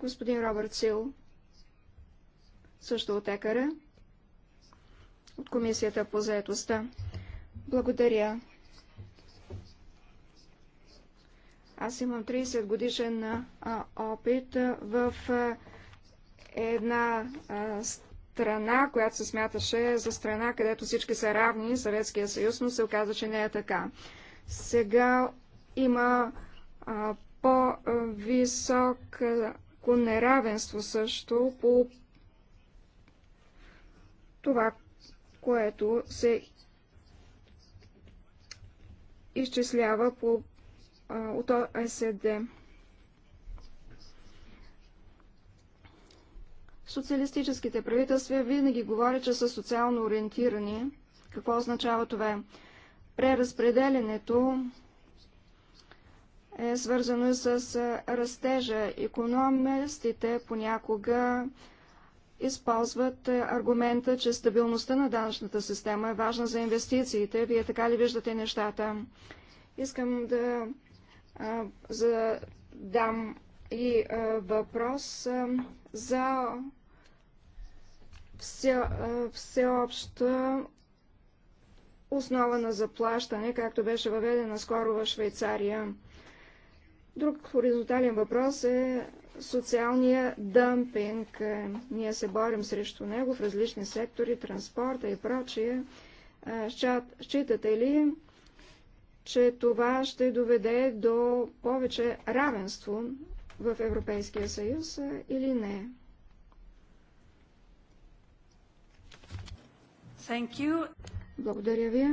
господин Робърт Сил, също от ЕКАРА, от Комисията по заедостта. Благодаря. Аз имам 30 годишен опит в една страна, която се смяташе за страна, където всички са равни, Съветския съюз, но се оказа, че не е така. Сега има по-висок истинско неравенство също по това, което се изчислява по, а, от ОСД. Е Социалистическите правителства винаги говорят, че са социално ориентирани. Какво означава това? Преразпределенето е свързано с растежа. Економистите понякога използват аргумента, че стабилността на данъчната система е важна за инвестициите. Вие така ли виждате нещата? Искам да а, задам и а, въпрос а, за все, а, всеобща основа на заплащане, както беше въведена скоро в Швейцария. Друг хоризонтален въпрос е социалния дъмпинг. Ние се борим срещу него в различни сектори, транспорта и прочие. Считате ли, че това ще доведе до повече равенство в Европейския съюз или не? Thank you. Благодаря ви.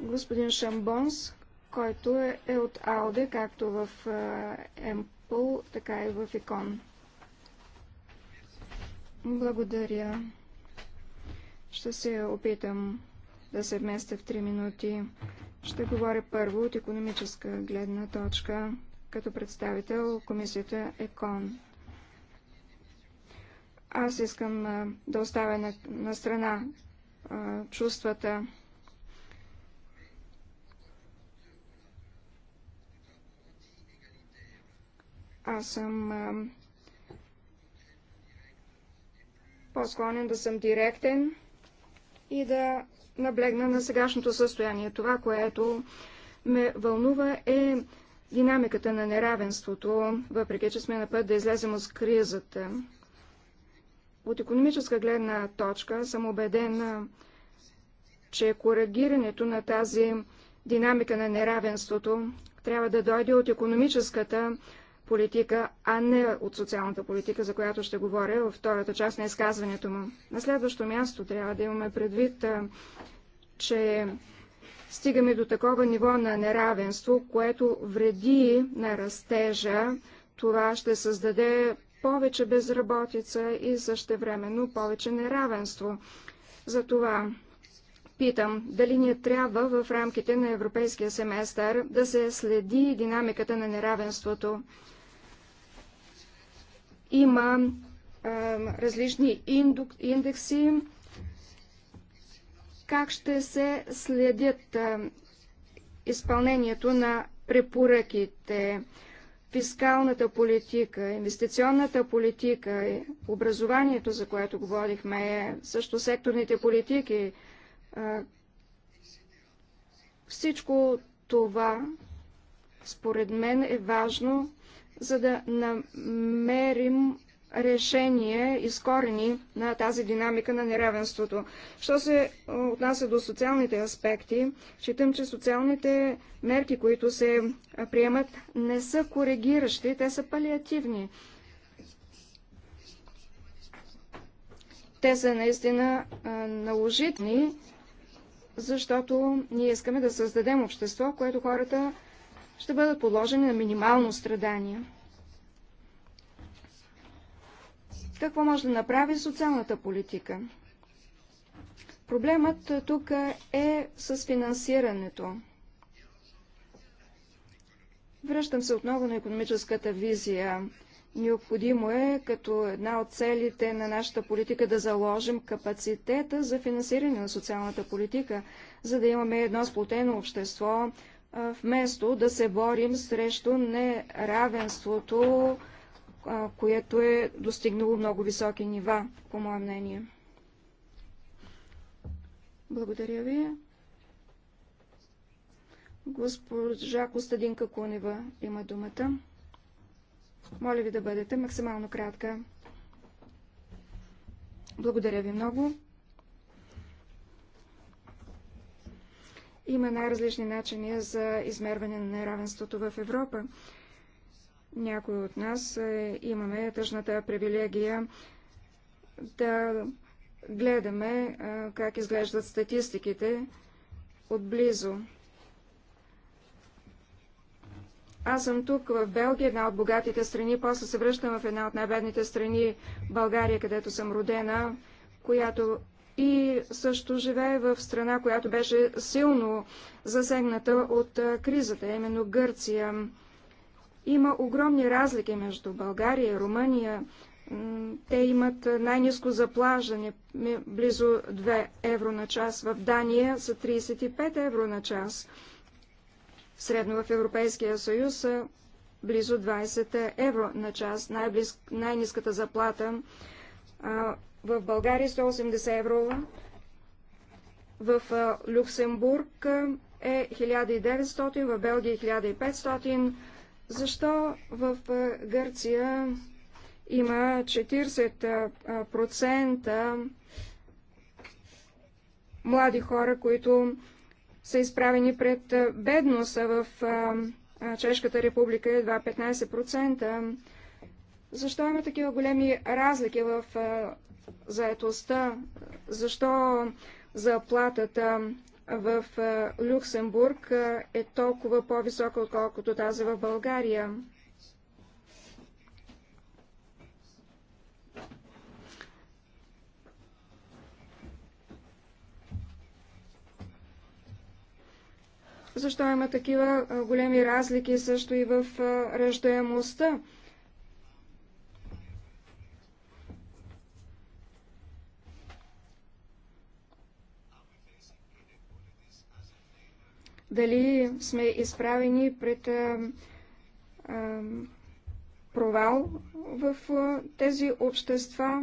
Господин Шамбонс който е, е от АОДЕ, както в ЕМПЛ, така и в ИКОН. Благодаря. Ще се опитам да се вместя в 3 минути. Ще говоря първо от економическа гледна точка, като представител комисията ЕКОН. Аз искам да оставя на, на страна а, чувствата Аз съм по-склонен да съм директен и да наблегна на сегашното състояние. Това, което ме вълнува е динамиката на неравенството, въпреки че сме на път да излезем от кризата. От економическа гледна точка съм убедена, че коригирането на тази динамика на неравенството трябва да дойде от економическата политика, а не от социалната политика, за която ще говоря във втората част на изказването му. На следващо място трябва да имаме предвид, че стигаме до такова ниво на неравенство, което вреди на растежа. Това ще създаде повече безработица и същевременно повече неравенство. Затова питам, дали ние трябва в рамките на европейския семестър да се следи динамиката на неравенството. Има а, различни индекси. Как ще се следят а, изпълнението на препоръките? фискалната политика, инвестиционната политика, образованието, за което говорихме, също секторните политики, всичко това, според мен, е важно за да намерим решение, изкорени на тази динамика на неравенството. Що се отнася до социалните аспекти, считам, че социалните мерки, които се приемат, не са коригиращи, те са палиативни. Те са наистина наложитни, защото ние искаме да създадем общество, което хората ще бъдат подложени на минимално страдание. Какво може да направи социалната политика? Проблемът тук е с финансирането. Връщам се отново на економическата визия. Необходимо е, като една от целите на нашата политика, да заложим капацитета за финансиране на социалната политика, за да имаме едно сплотено общество, вместо да се борим срещу неравенството което е достигнало много високи нива, по мое мнение. Благодаря ви. Госпожа Костадинка Кунева има думата. Моля ви да бъдете максимално кратка. Благодаря ви много. Има най-различни начини за измерване на неравенството в Европа. Някои от нас е, имаме тъжната привилегия да гледаме е, как изглеждат статистиките отблизо. Аз съм тук в Белгия, една от богатите страни, после се връщам в една от най-бедните страни, България, където съм родена, която и също живее в страна, която беше силно засегната от е, кризата, именно Гърция. Има огромни разлики между България и Румъния. Те имат най-низко заплажане, близо 2 евро на час. В Дания са 35 евро на час. Средно в Европейския съюз са близо 20 евро на час. Най-низката най заплата а, в България 180 евро. В а, Люксембург е 1900, в Белгия 1500, защо в Гърция има 40% млади хора, които са изправени пред бедност, в Чешката република е едва 15%. Защо има такива големи разлики в заетостта? Защо заплатата в Люксембург е толкова по-висока, отколкото тази в България. Защо има такива големи разлики също и в раждаемостта? дали сме изправени пред а, а, провал в а, тези общества,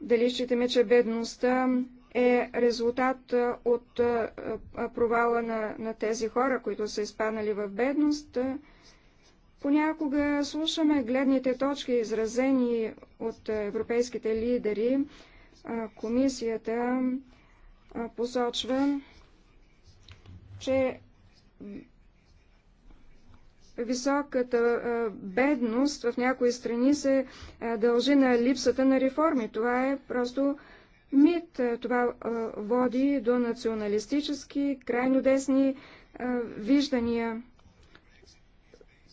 дали считаме, че бедността е резултат от а, а, провала на, на тези хора, които са изпаднали в бедност. Понякога слушаме гледните точки, изразени от европейските лидери. Комисията посочва, че високата бедност в някои страни се дължи на липсата на реформи. Това е просто мит. Това води до националистически, крайно десни виждания.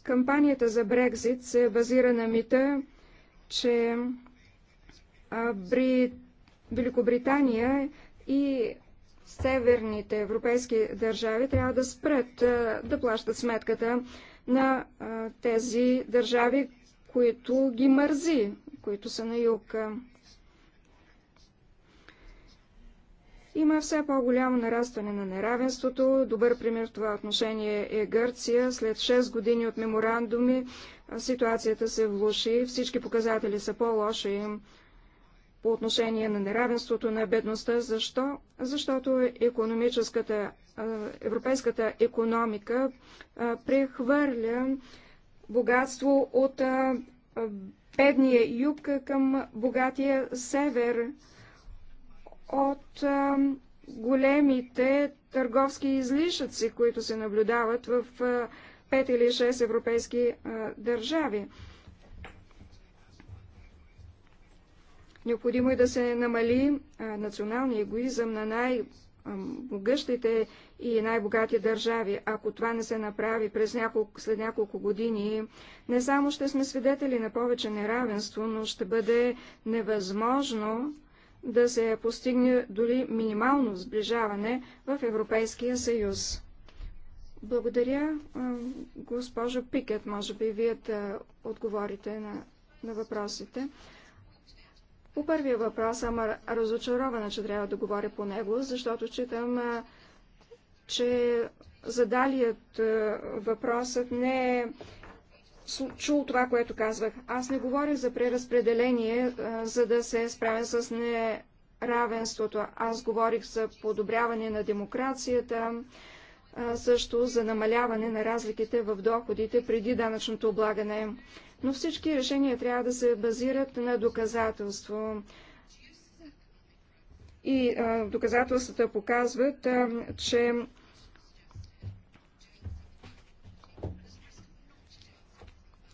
Кампанията за Брекзит се базира на мита, че Великобритания и северните европейски държави трябва да спрат да плащат сметката на тези държави, които ги мързи, които са на юг. Има все по-голямо нарастване на неравенството. Добър пример в това отношение е Гърция. След 6 години от меморандуми ситуацията се влуши. Всички показатели са по-лоши по отношение на неравенството на бедността. Защо? Защото економическата, европейската економика прехвърля богатство от бедния юг към богатия север, от големите търговски излишъци, които се наблюдават в 5 или 6 европейски държави. Необходимо е да се намали националния егоизъм на най-могъщите и най-богати държави. Ако това не се направи през няколко, след няколко години, не само ще сме свидетели на повече неравенство, но ще бъде невъзможно да се постигне дори минимално сближаване в Европейския съюз. Благодаря. Госпожо Пикет, може би вие да отговорите на, на въпросите. По първия въпрос съм разочарована, че трябва да говоря по него, защото читам, че задалият въпросът не е чул това, което казвах. Аз не говорих за преразпределение, за да се справя с неравенството. Аз говорих за подобряване на демокрацията, също за намаляване на разликите в доходите преди данъчното облагане но всички решения трябва да се базират на доказателство. И а, доказателствата показват, а, че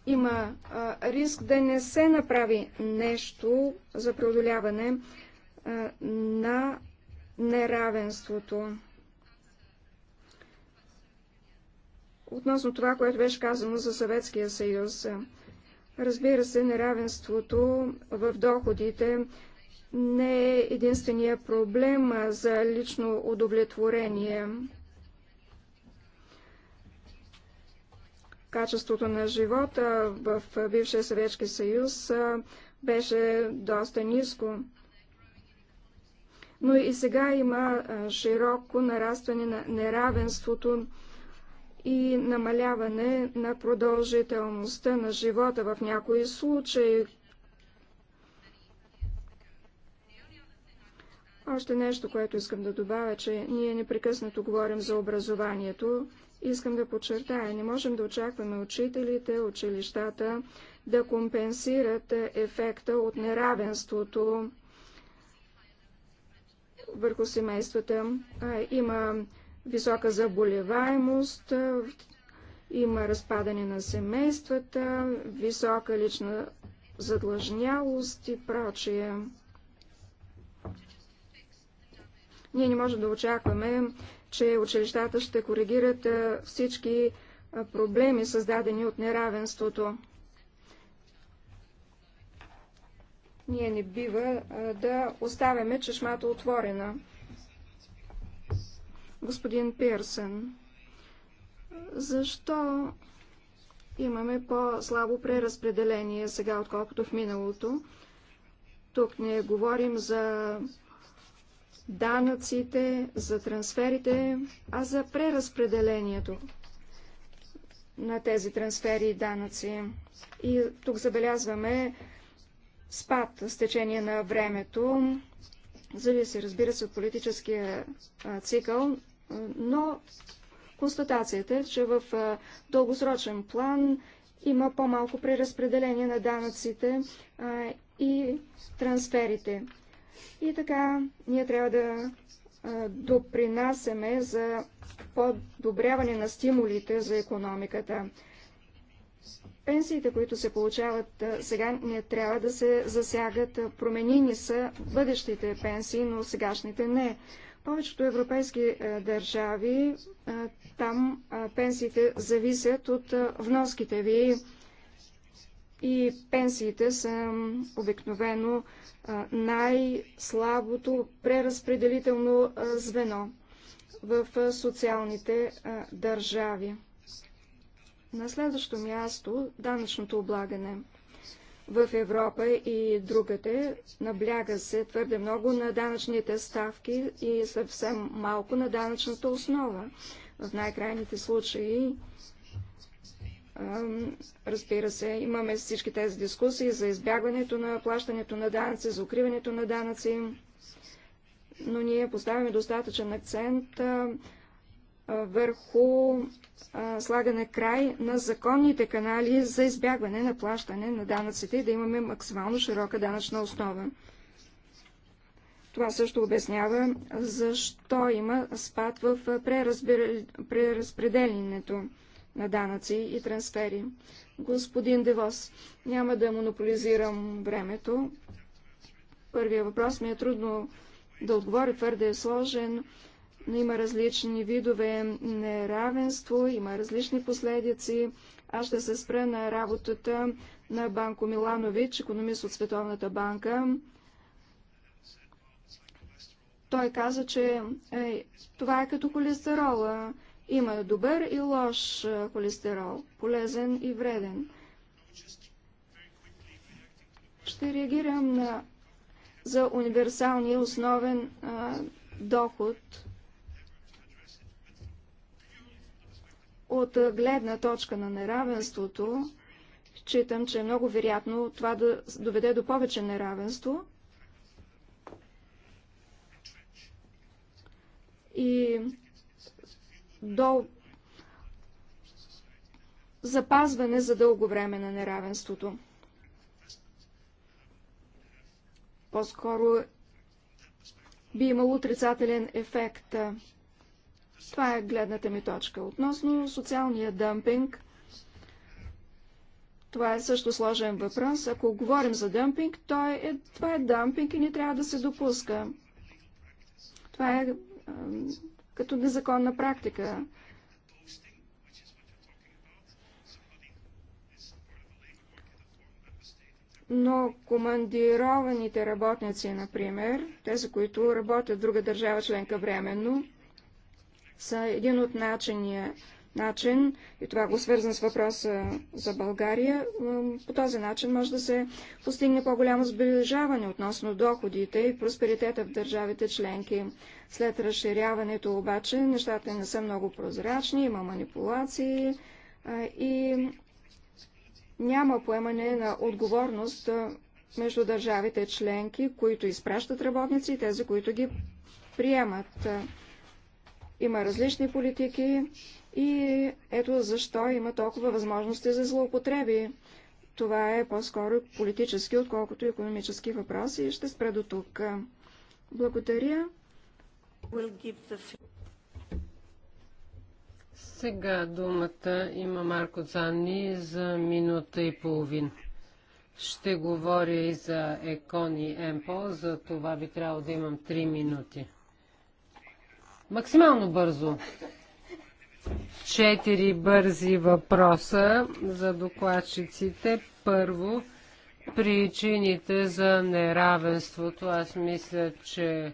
има а, риск да не се направи нещо за преодоляване а, на неравенството. Относно това, което беше казано за Съветския съюз, Разбира се, неравенството в доходите не е единствения проблем за лично удовлетворение. Качеството на живота в бившия Съветски съюз беше доста ниско. Но и сега има широко нарастване на неравенството и намаляване на продължителността на живота в някои случаи. Още нещо, което искам да добавя, че ние непрекъснато говорим за образованието. Искам да подчертая, не можем да очакваме учителите, училищата да компенсират ефекта от неравенството върху семействата. Има висока заболеваемост, има разпадане на семействата, висока лична задлъжнялост и прочие. Ние не можем да очакваме, че училищата ще коригират всички проблеми, създадени от неравенството. Ние не бива да оставяме чешмата отворена господин Пирсън. Защо имаме по-слабо преразпределение сега, отколкото в миналото? Тук не говорим за данъците, за трансферите, а за преразпределението на тези трансфери и данъци. И тук забелязваме спад с течение на времето. Зависи, разбира се, от политическия цикъл, но констатацията е, че в дългосрочен план има по-малко преразпределение на данъците и трансферите. И така ние трябва да допринасяме за подобряване на стимулите за економиката. Пенсиите, които се получават сега, не трябва да се засягат. Променени са бъдещите пенсии, но сегашните не. Повечето европейски е, държави, е, там е, пенсиите зависят от вноските ви и пенсиите са обикновено най-слабото преразпределително звено в социалните държави. На следващо място данъчното облагане – в Европа и другата. Набляга се твърде много на данъчните ставки и съвсем малко на данъчната основа. В най-крайните случаи, разбира се, имаме всички тези дискусии за избягването на плащането на данъци, за укриването на данъци, но ние поставяме достатъчен акцент върху слагане край на законните канали за избягване на плащане на данъците и да имаме максимално широка данъчна основа. Това също обяснява защо има спад в преразпределенето на данъци и трансфери. Господин Девос, няма да монополизирам времето. Първия въпрос ми е трудно да отговоря, твърде е сложен. Има различни видове неравенство, има различни последици. Аз ще се спра на работата на Банко Миланович, економист от Световната банка. Той каза, че е, това е като холестерола. Има добър и лош е, холестерол, полезен и вреден. Ще реагирам на, за универсалния основен а, доход. От гледна точка на неравенството, считам, че е много вероятно това да доведе до повече неравенство. И до запазване за дълго време на неравенството. По-скоро би имало отрицателен ефект. Това е гледната ми точка. Относно социалния дъмпинг, това е също сложен въпрос. Ако говорим за дъмпинг, то е, това е дъмпинг и не трябва да се допуска. Това е като незаконна практика. но командированите работници, например, тези, които работят в друга държава членка временно, са един от начиния, начин, и това го свързан с въпроса за България, по този начин може да се постигне по-голямо сближаване относно доходите и просперитета в държавите членки. След разширяването обаче нещата не са много прозрачни, има манипулации и няма поемане на отговорност между държавите членки, които изпращат работници и тези, които ги приемат. Има различни политики и ето защо има толкова възможности за злоупотреби. Това е по-скоро политически, отколкото економически въпроси. ще спра до тук. Благодаря. Сега думата има Марко Цанни за минута и половин. Ще говоря и за Екони Емпо, за това би трябвало да имам три минути максимално бързо. Четири бързи въпроса за докладчиците. Първо, причините за неравенството. Аз мисля, че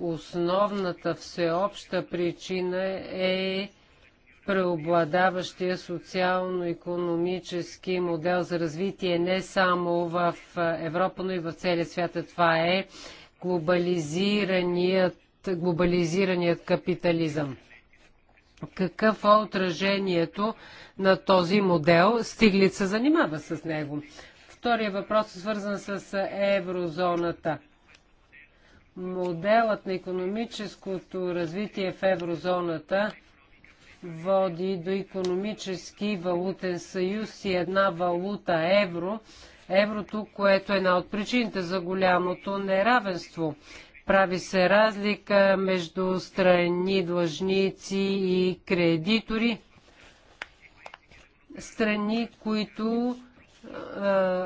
основната всеобща причина е преобладаващия социално-економически модел за развитие не само в Европа, но и в целия свят. Това е глобализираният глобализираният капитализъм. Какъв е отражението на този модел? Стиглиц се занимава с него. Втория въпрос е свързан с еврозоната. Моделът на економическото развитие в еврозоната води до економически валутен съюз и една валута евро, еврото, което е една от причините за голямото неравенство. Прави се разлика между страни длъжници и кредитори. Страни, които,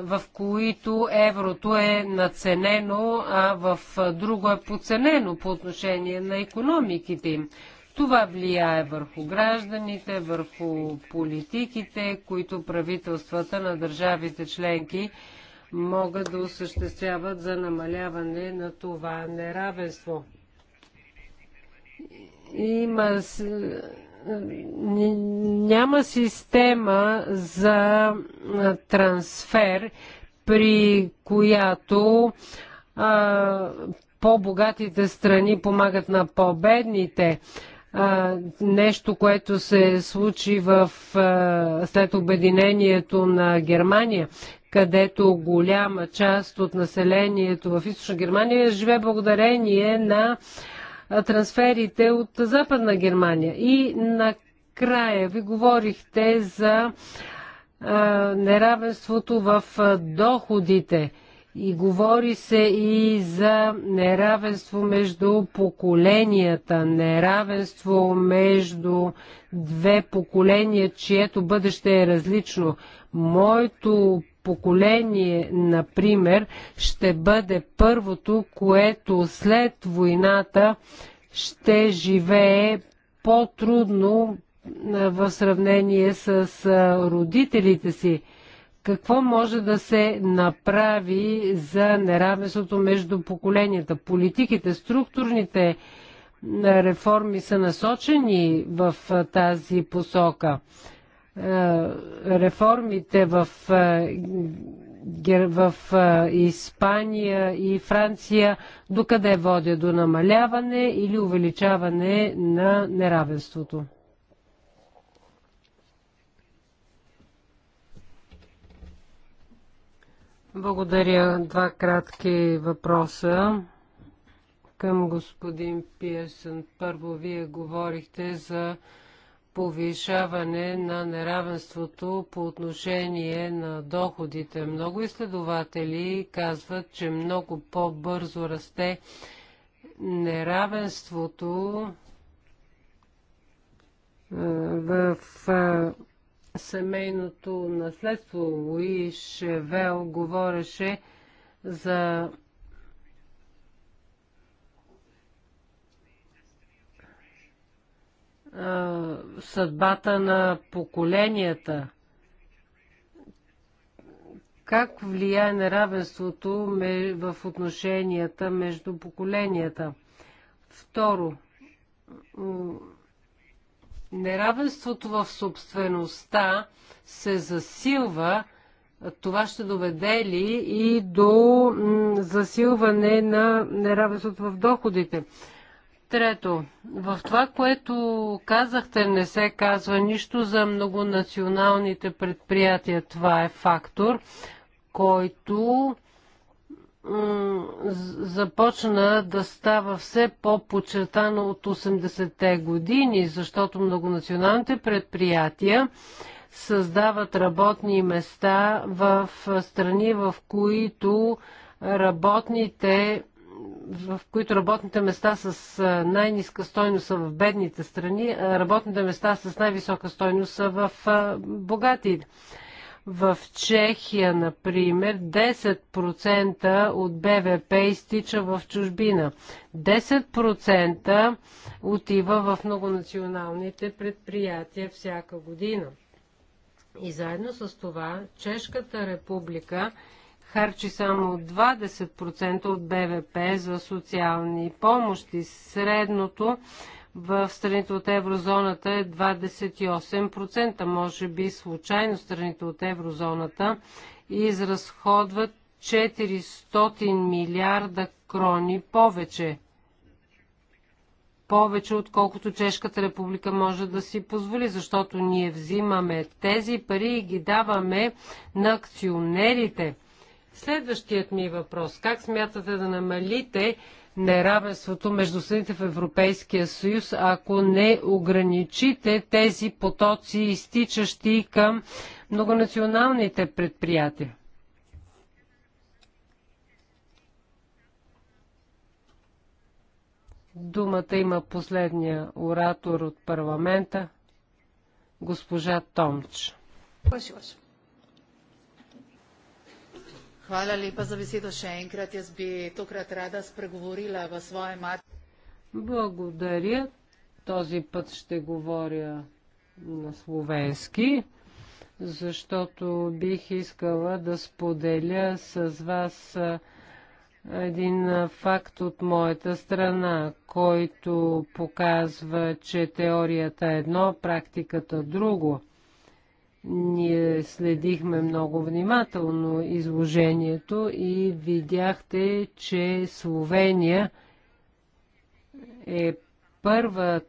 в които еврото е наценено, а в друго е поценено по отношение на економиките им. Това влияе върху гражданите, върху политиките, които правителствата на държавите членки могат да осъществяват за намаляване на това неравенство. Има, няма система за трансфер, при която по-богатите страни помагат на по-бедните. нещо, което се случи в, а, след обединението на Германия където голяма част от населението в източна Германия живее благодарение на трансферите от Западна Германия. И накрая ви говорихте за а, неравенството в доходите. И говори се и за неравенство между поколенията, неравенство между две поколения, чието бъдеще е различно. Моето поколение, например, ще бъде първото, което след войната ще живее по-трудно в сравнение с родителите си. Какво може да се направи за неравенството между поколенията? Политиките, структурните реформи са насочени в тази посока. Е, реформите в, е, в е, Испания и Франция докъде водят до намаляване или увеличаване на неравенството? Благодаря. Два кратки въпроса към господин Пиесен. Първо, вие говорихте за повишаване на неравенството по отношение на доходите. Много изследователи казват, че много по-бързо расте неравенството в семейното наследство. Луи Шевел говореше за съдбата на поколенията? Как влияе неравенството в отношенията между поколенията? Второ, неравенството в собствеността се засилва. Това ще доведе ли и до засилване на неравенството в доходите? Трето, в това, което казахте, не се казва нищо за многонационалните предприятия. Това е фактор, който започна да става все по-почетано от 80-те години, защото многонационалните предприятия създават работни места в страни, в които работните в които работните места с най-низка стойност са в бедните страни, а работните места с най-висока стойност са в богатите. В Чехия, например, 10% от БВП изтича в чужбина. 10% отива в многонационалните предприятия всяка година. И заедно с това Чешката република харчи само 20% от БВП за социални помощи. Средното в страните от еврозоната е 28%. Може би случайно страните от еврозоната изразходват 400 милиарда крони повече. Повече, отколкото Чешката република може да си позволи, защото ние взимаме тези пари и ги даваме на акционерите. Следващият ми въпрос. Как смятате да намалите неравенството между страните в Европейския съюз, ако не ограничите тези потоци, изтичащи към многонационалните предприятия? Думата има последния оратор от парламента, госпожа Томч. Спасибо. Hvala lepa za besedo še enkrat. Jaz bi tokrat rada spregovorila v svoje mati. Благодаря. Този път ще говоря на словенски, защото бих искала да споделя с вас един факт от моята страна, който показва, че теорията е едно, практиката друго – ние следихме много внимателно изложението и видяхте, че Словения е първа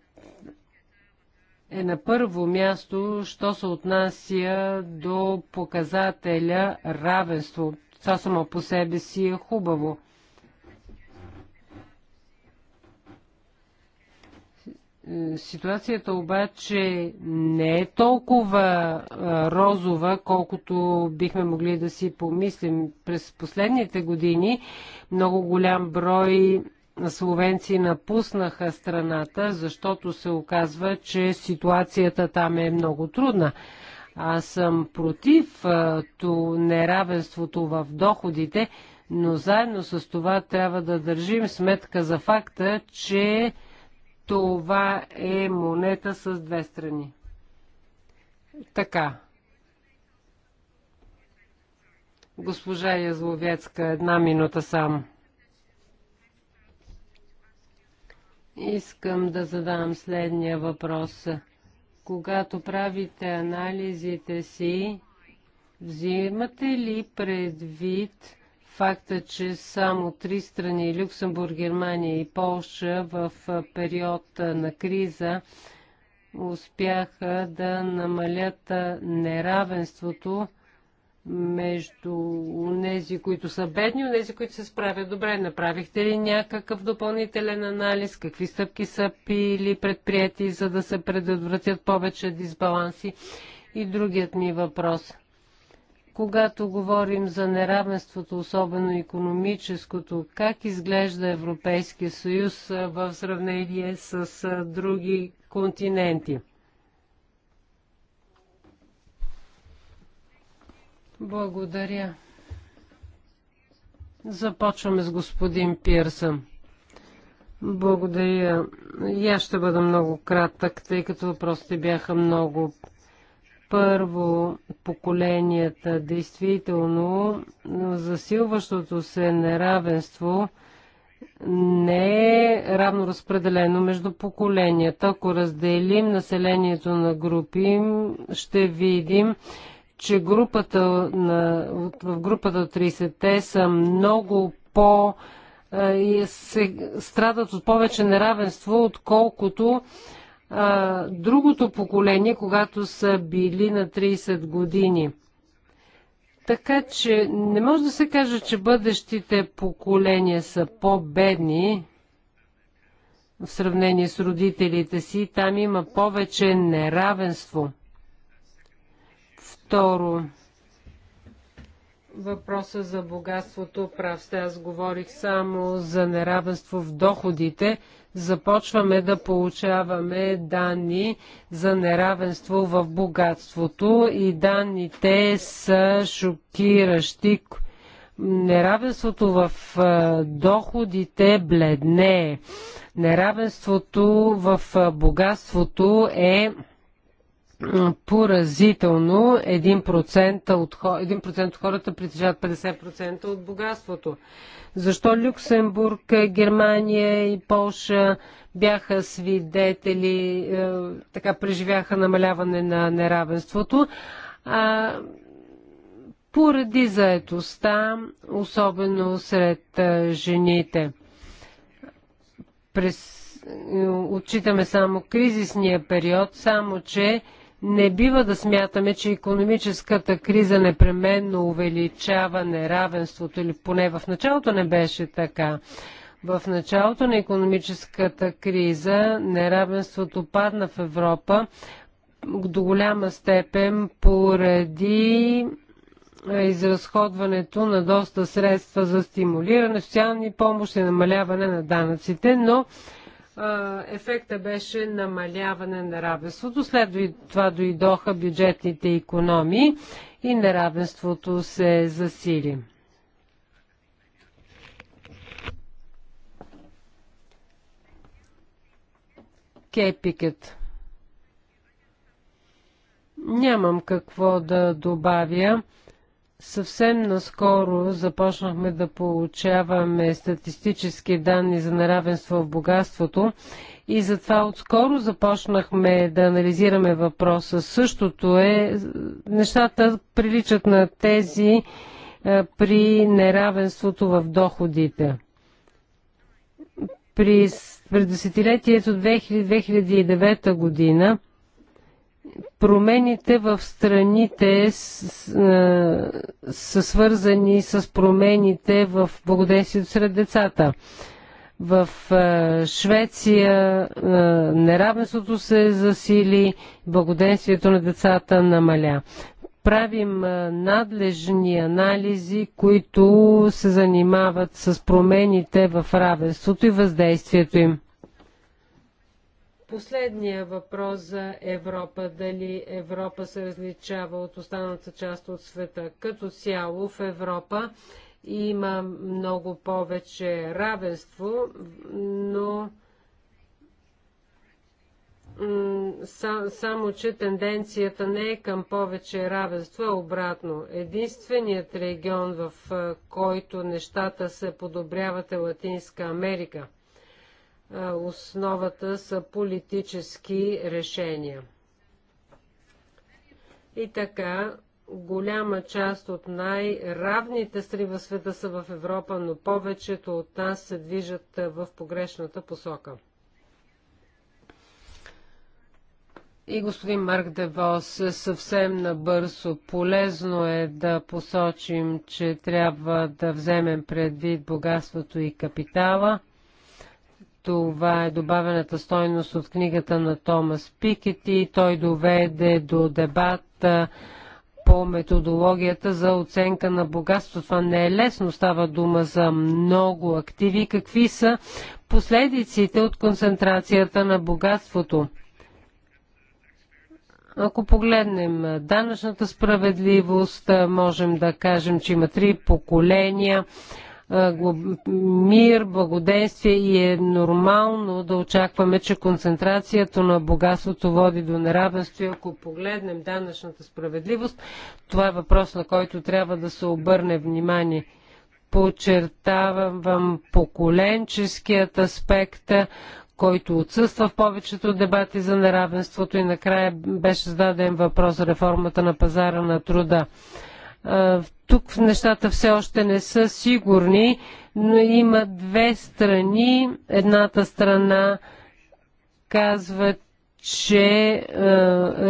е на първо място, що се отнася до показателя равенство. Това само по себе си е хубаво. Е, ситуацията обаче не е толкова е, розова, колкото бихме могли да си помислим. През последните години много голям брой словенци напуснаха страната, защото се оказва, че ситуацията там е много трудна. Аз съм против е, то неравенството в доходите, но заедно с това трябва да държим сметка за факта, че това е монета с две страни. Така. Госпожа Язловецка, една минута само. Искам да задам следния въпрос. Когато правите анализите си, взимате ли предвид факта, че само три страни Люксембург, Германия и Полша в период на криза успяха да намалят неравенството между тези, които са бедни и тези, които се справят добре. Направихте ли някакъв допълнителен анализ? Какви стъпки са пили предприяти, за да се предотвратят повече дисбаланси? И другият ми въпрос – когато говорим за неравенството, особено економическото, как изглежда Европейския съюз в сравнение с други континенти? Благодаря. Започваме с господин Пирсън. Благодаря. И аз ще бъда много кратък, тъй като въпросите бяха много първо, поколенията, действително, засилващото се неравенство не е равно разпределено между поколенията. Ако разделим населението на групи, ще видим, че групата на, в групата от 30-те са много по- е, и се страдат от повече неравенство, отколкото а, другото поколение, когато са били на 30 години. Така че не може да се каже, че бъдещите поколения са по-бедни в сравнение с родителите си. Там има повече неравенство. Второ, въпроса за богатството, прав сте, аз говорих само за неравенство в доходите. Започваме да получаваме данни за неравенство в богатството и данните са шокиращи. Неравенството в доходите бледне. Неравенството в богатството е поразително. 1% от, 1% от хората притежават 50% от богатството. Защо Люксембург, Германия и Полша бяха свидетели, е, така преживяха намаляване на неравенството? А, поради заетостта, особено сред е, жените. През, е, отчитаме само кризисния период, само че не бива да смятаме, че економическата криза непременно увеличава неравенството или поне в началото не беше така. В началото на економическата криза неравенството падна в Европа до голяма степен поради изразходването на доста средства за стимулиране, социални помощи, намаляване на данъците, но ефекта беше намаляване на равенството. След това дойдоха бюджетните економии и неравенството се засили. Кей Нямам какво да добавя. Съвсем наскоро започнахме да получаваме статистически данни за неравенство в богатството и затова отскоро започнахме да анализираме въпроса. Същото е, нещата приличат на тези е, при неравенството в доходите. При, през десетилетието 2000, 2009 година промените в страните е, са свързани с промените в благодействието сред децата. В е, Швеция е, неравенството се засили, благоденствието на децата намаля. Правим надлежни анализи, които се занимават с промените в равенството и въздействието им. Последния въпрос за Европа. Дали Европа се различава от останалата част от света? Като цяло в Европа има много повече равенство, но само, че тенденцията не е към повече равенство, а обратно. Единственият регион, в който нещата се подобряват е Латинска Америка – основата са политически решения. И така, голяма част от най-равните страни в света са в Европа, но повечето от нас се движат в погрешната посока. И господин Марк Девос, съвсем набързо, полезно е да посочим, че трябва да вземем предвид богатството и капитала – това е добавената стойност от книгата на Томас Пикети. Той доведе до дебат по методологията за оценка на богатство. Това не е лесно. Става дума за много активи. Какви са последиците от концентрацията на богатството? Ако погледнем данъчната справедливост, можем да кажем, че има три поколения мир, благоденствие и е нормално да очакваме, че концентрацията на богатството води до неравенство. И ако погледнем данъчната справедливост, това е въпрос, на който трябва да се обърне внимание. Почертавам поколенческият аспект, който отсъства в повечето дебати за неравенството и накрая беше зададен въпрос за реформата на пазара на труда. Тук нещата все още не са сигурни, но има две страни. Едната страна казва, че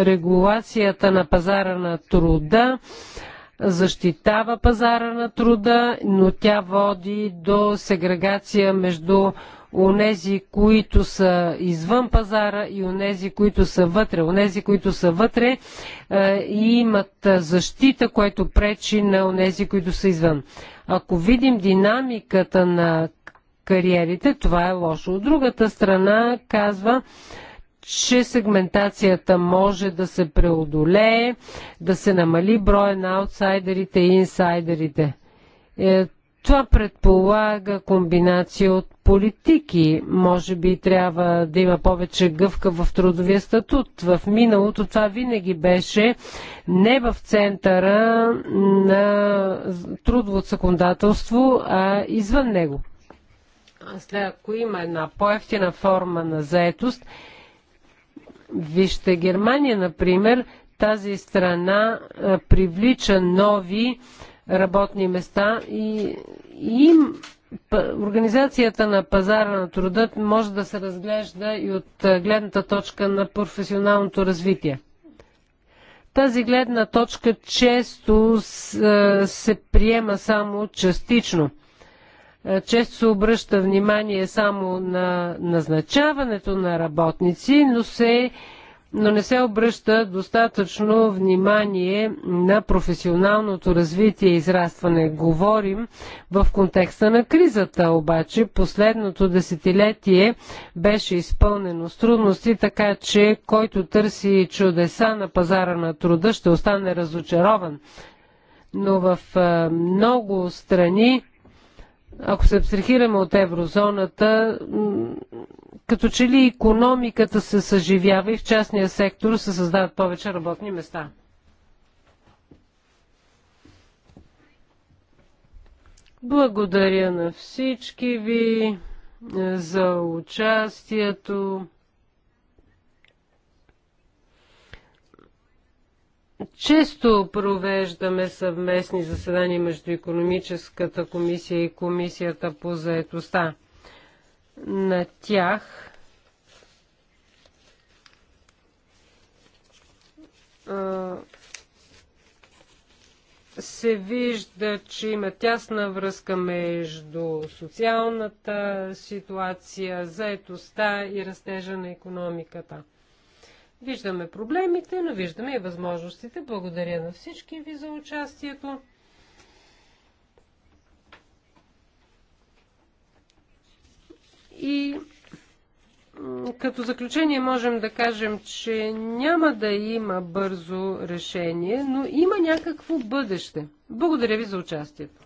регулацията на пазара на труда защитава пазара на труда, но тя води до сегрегация между онези, които са извън пазара и онези, които са вътре. Онези, които са вътре е, и имат е, защита, което пречи на онези, които са извън. Ако видим динамиката на кариерите, това е лошо. От другата страна казва, че сегментацията може да се преодолее, да се намали броя на аутсайдерите и инсайдерите. Е, това предполага комбинация от политики. Може би трябва да има повече гъвка в трудовия статут. В миналото това винаги беше не в центъра на трудовото законодателство, а извън него. След ако има една по-ефтина форма на заетост, вижте Германия, например, тази страна привлича нови работни места и им Организацията на пазара на труда може да се разглежда и от гледната точка на професионалното развитие. Тази гледна точка често се приема само частично. Често се обръща внимание само на назначаването на работници, но се но не се обръща достатъчно внимание на професионалното развитие и израстване. Говорим в контекста на кризата, обаче последното десетилетие беше изпълнено с трудности, така че който търси чудеса на пазара на труда ще остане разочарован. Но в много страни, ако се абстрахираме от еврозоната, като че ли економиката се съживява и в частния сектор се създават повече работни места. Благодаря на всички ви е, за участието. Често провеждаме съвместни заседания между економическата комисия и комисията по заетостта на тях се вижда, че има тясна връзка между социалната ситуация, заетостта и растежа на економиката. Виждаме проблемите, но виждаме и възможностите. Благодаря на всички ви за участието. И като заключение можем да кажем, че няма да има бързо решение, но има някакво бъдеще. Благодаря ви за участието.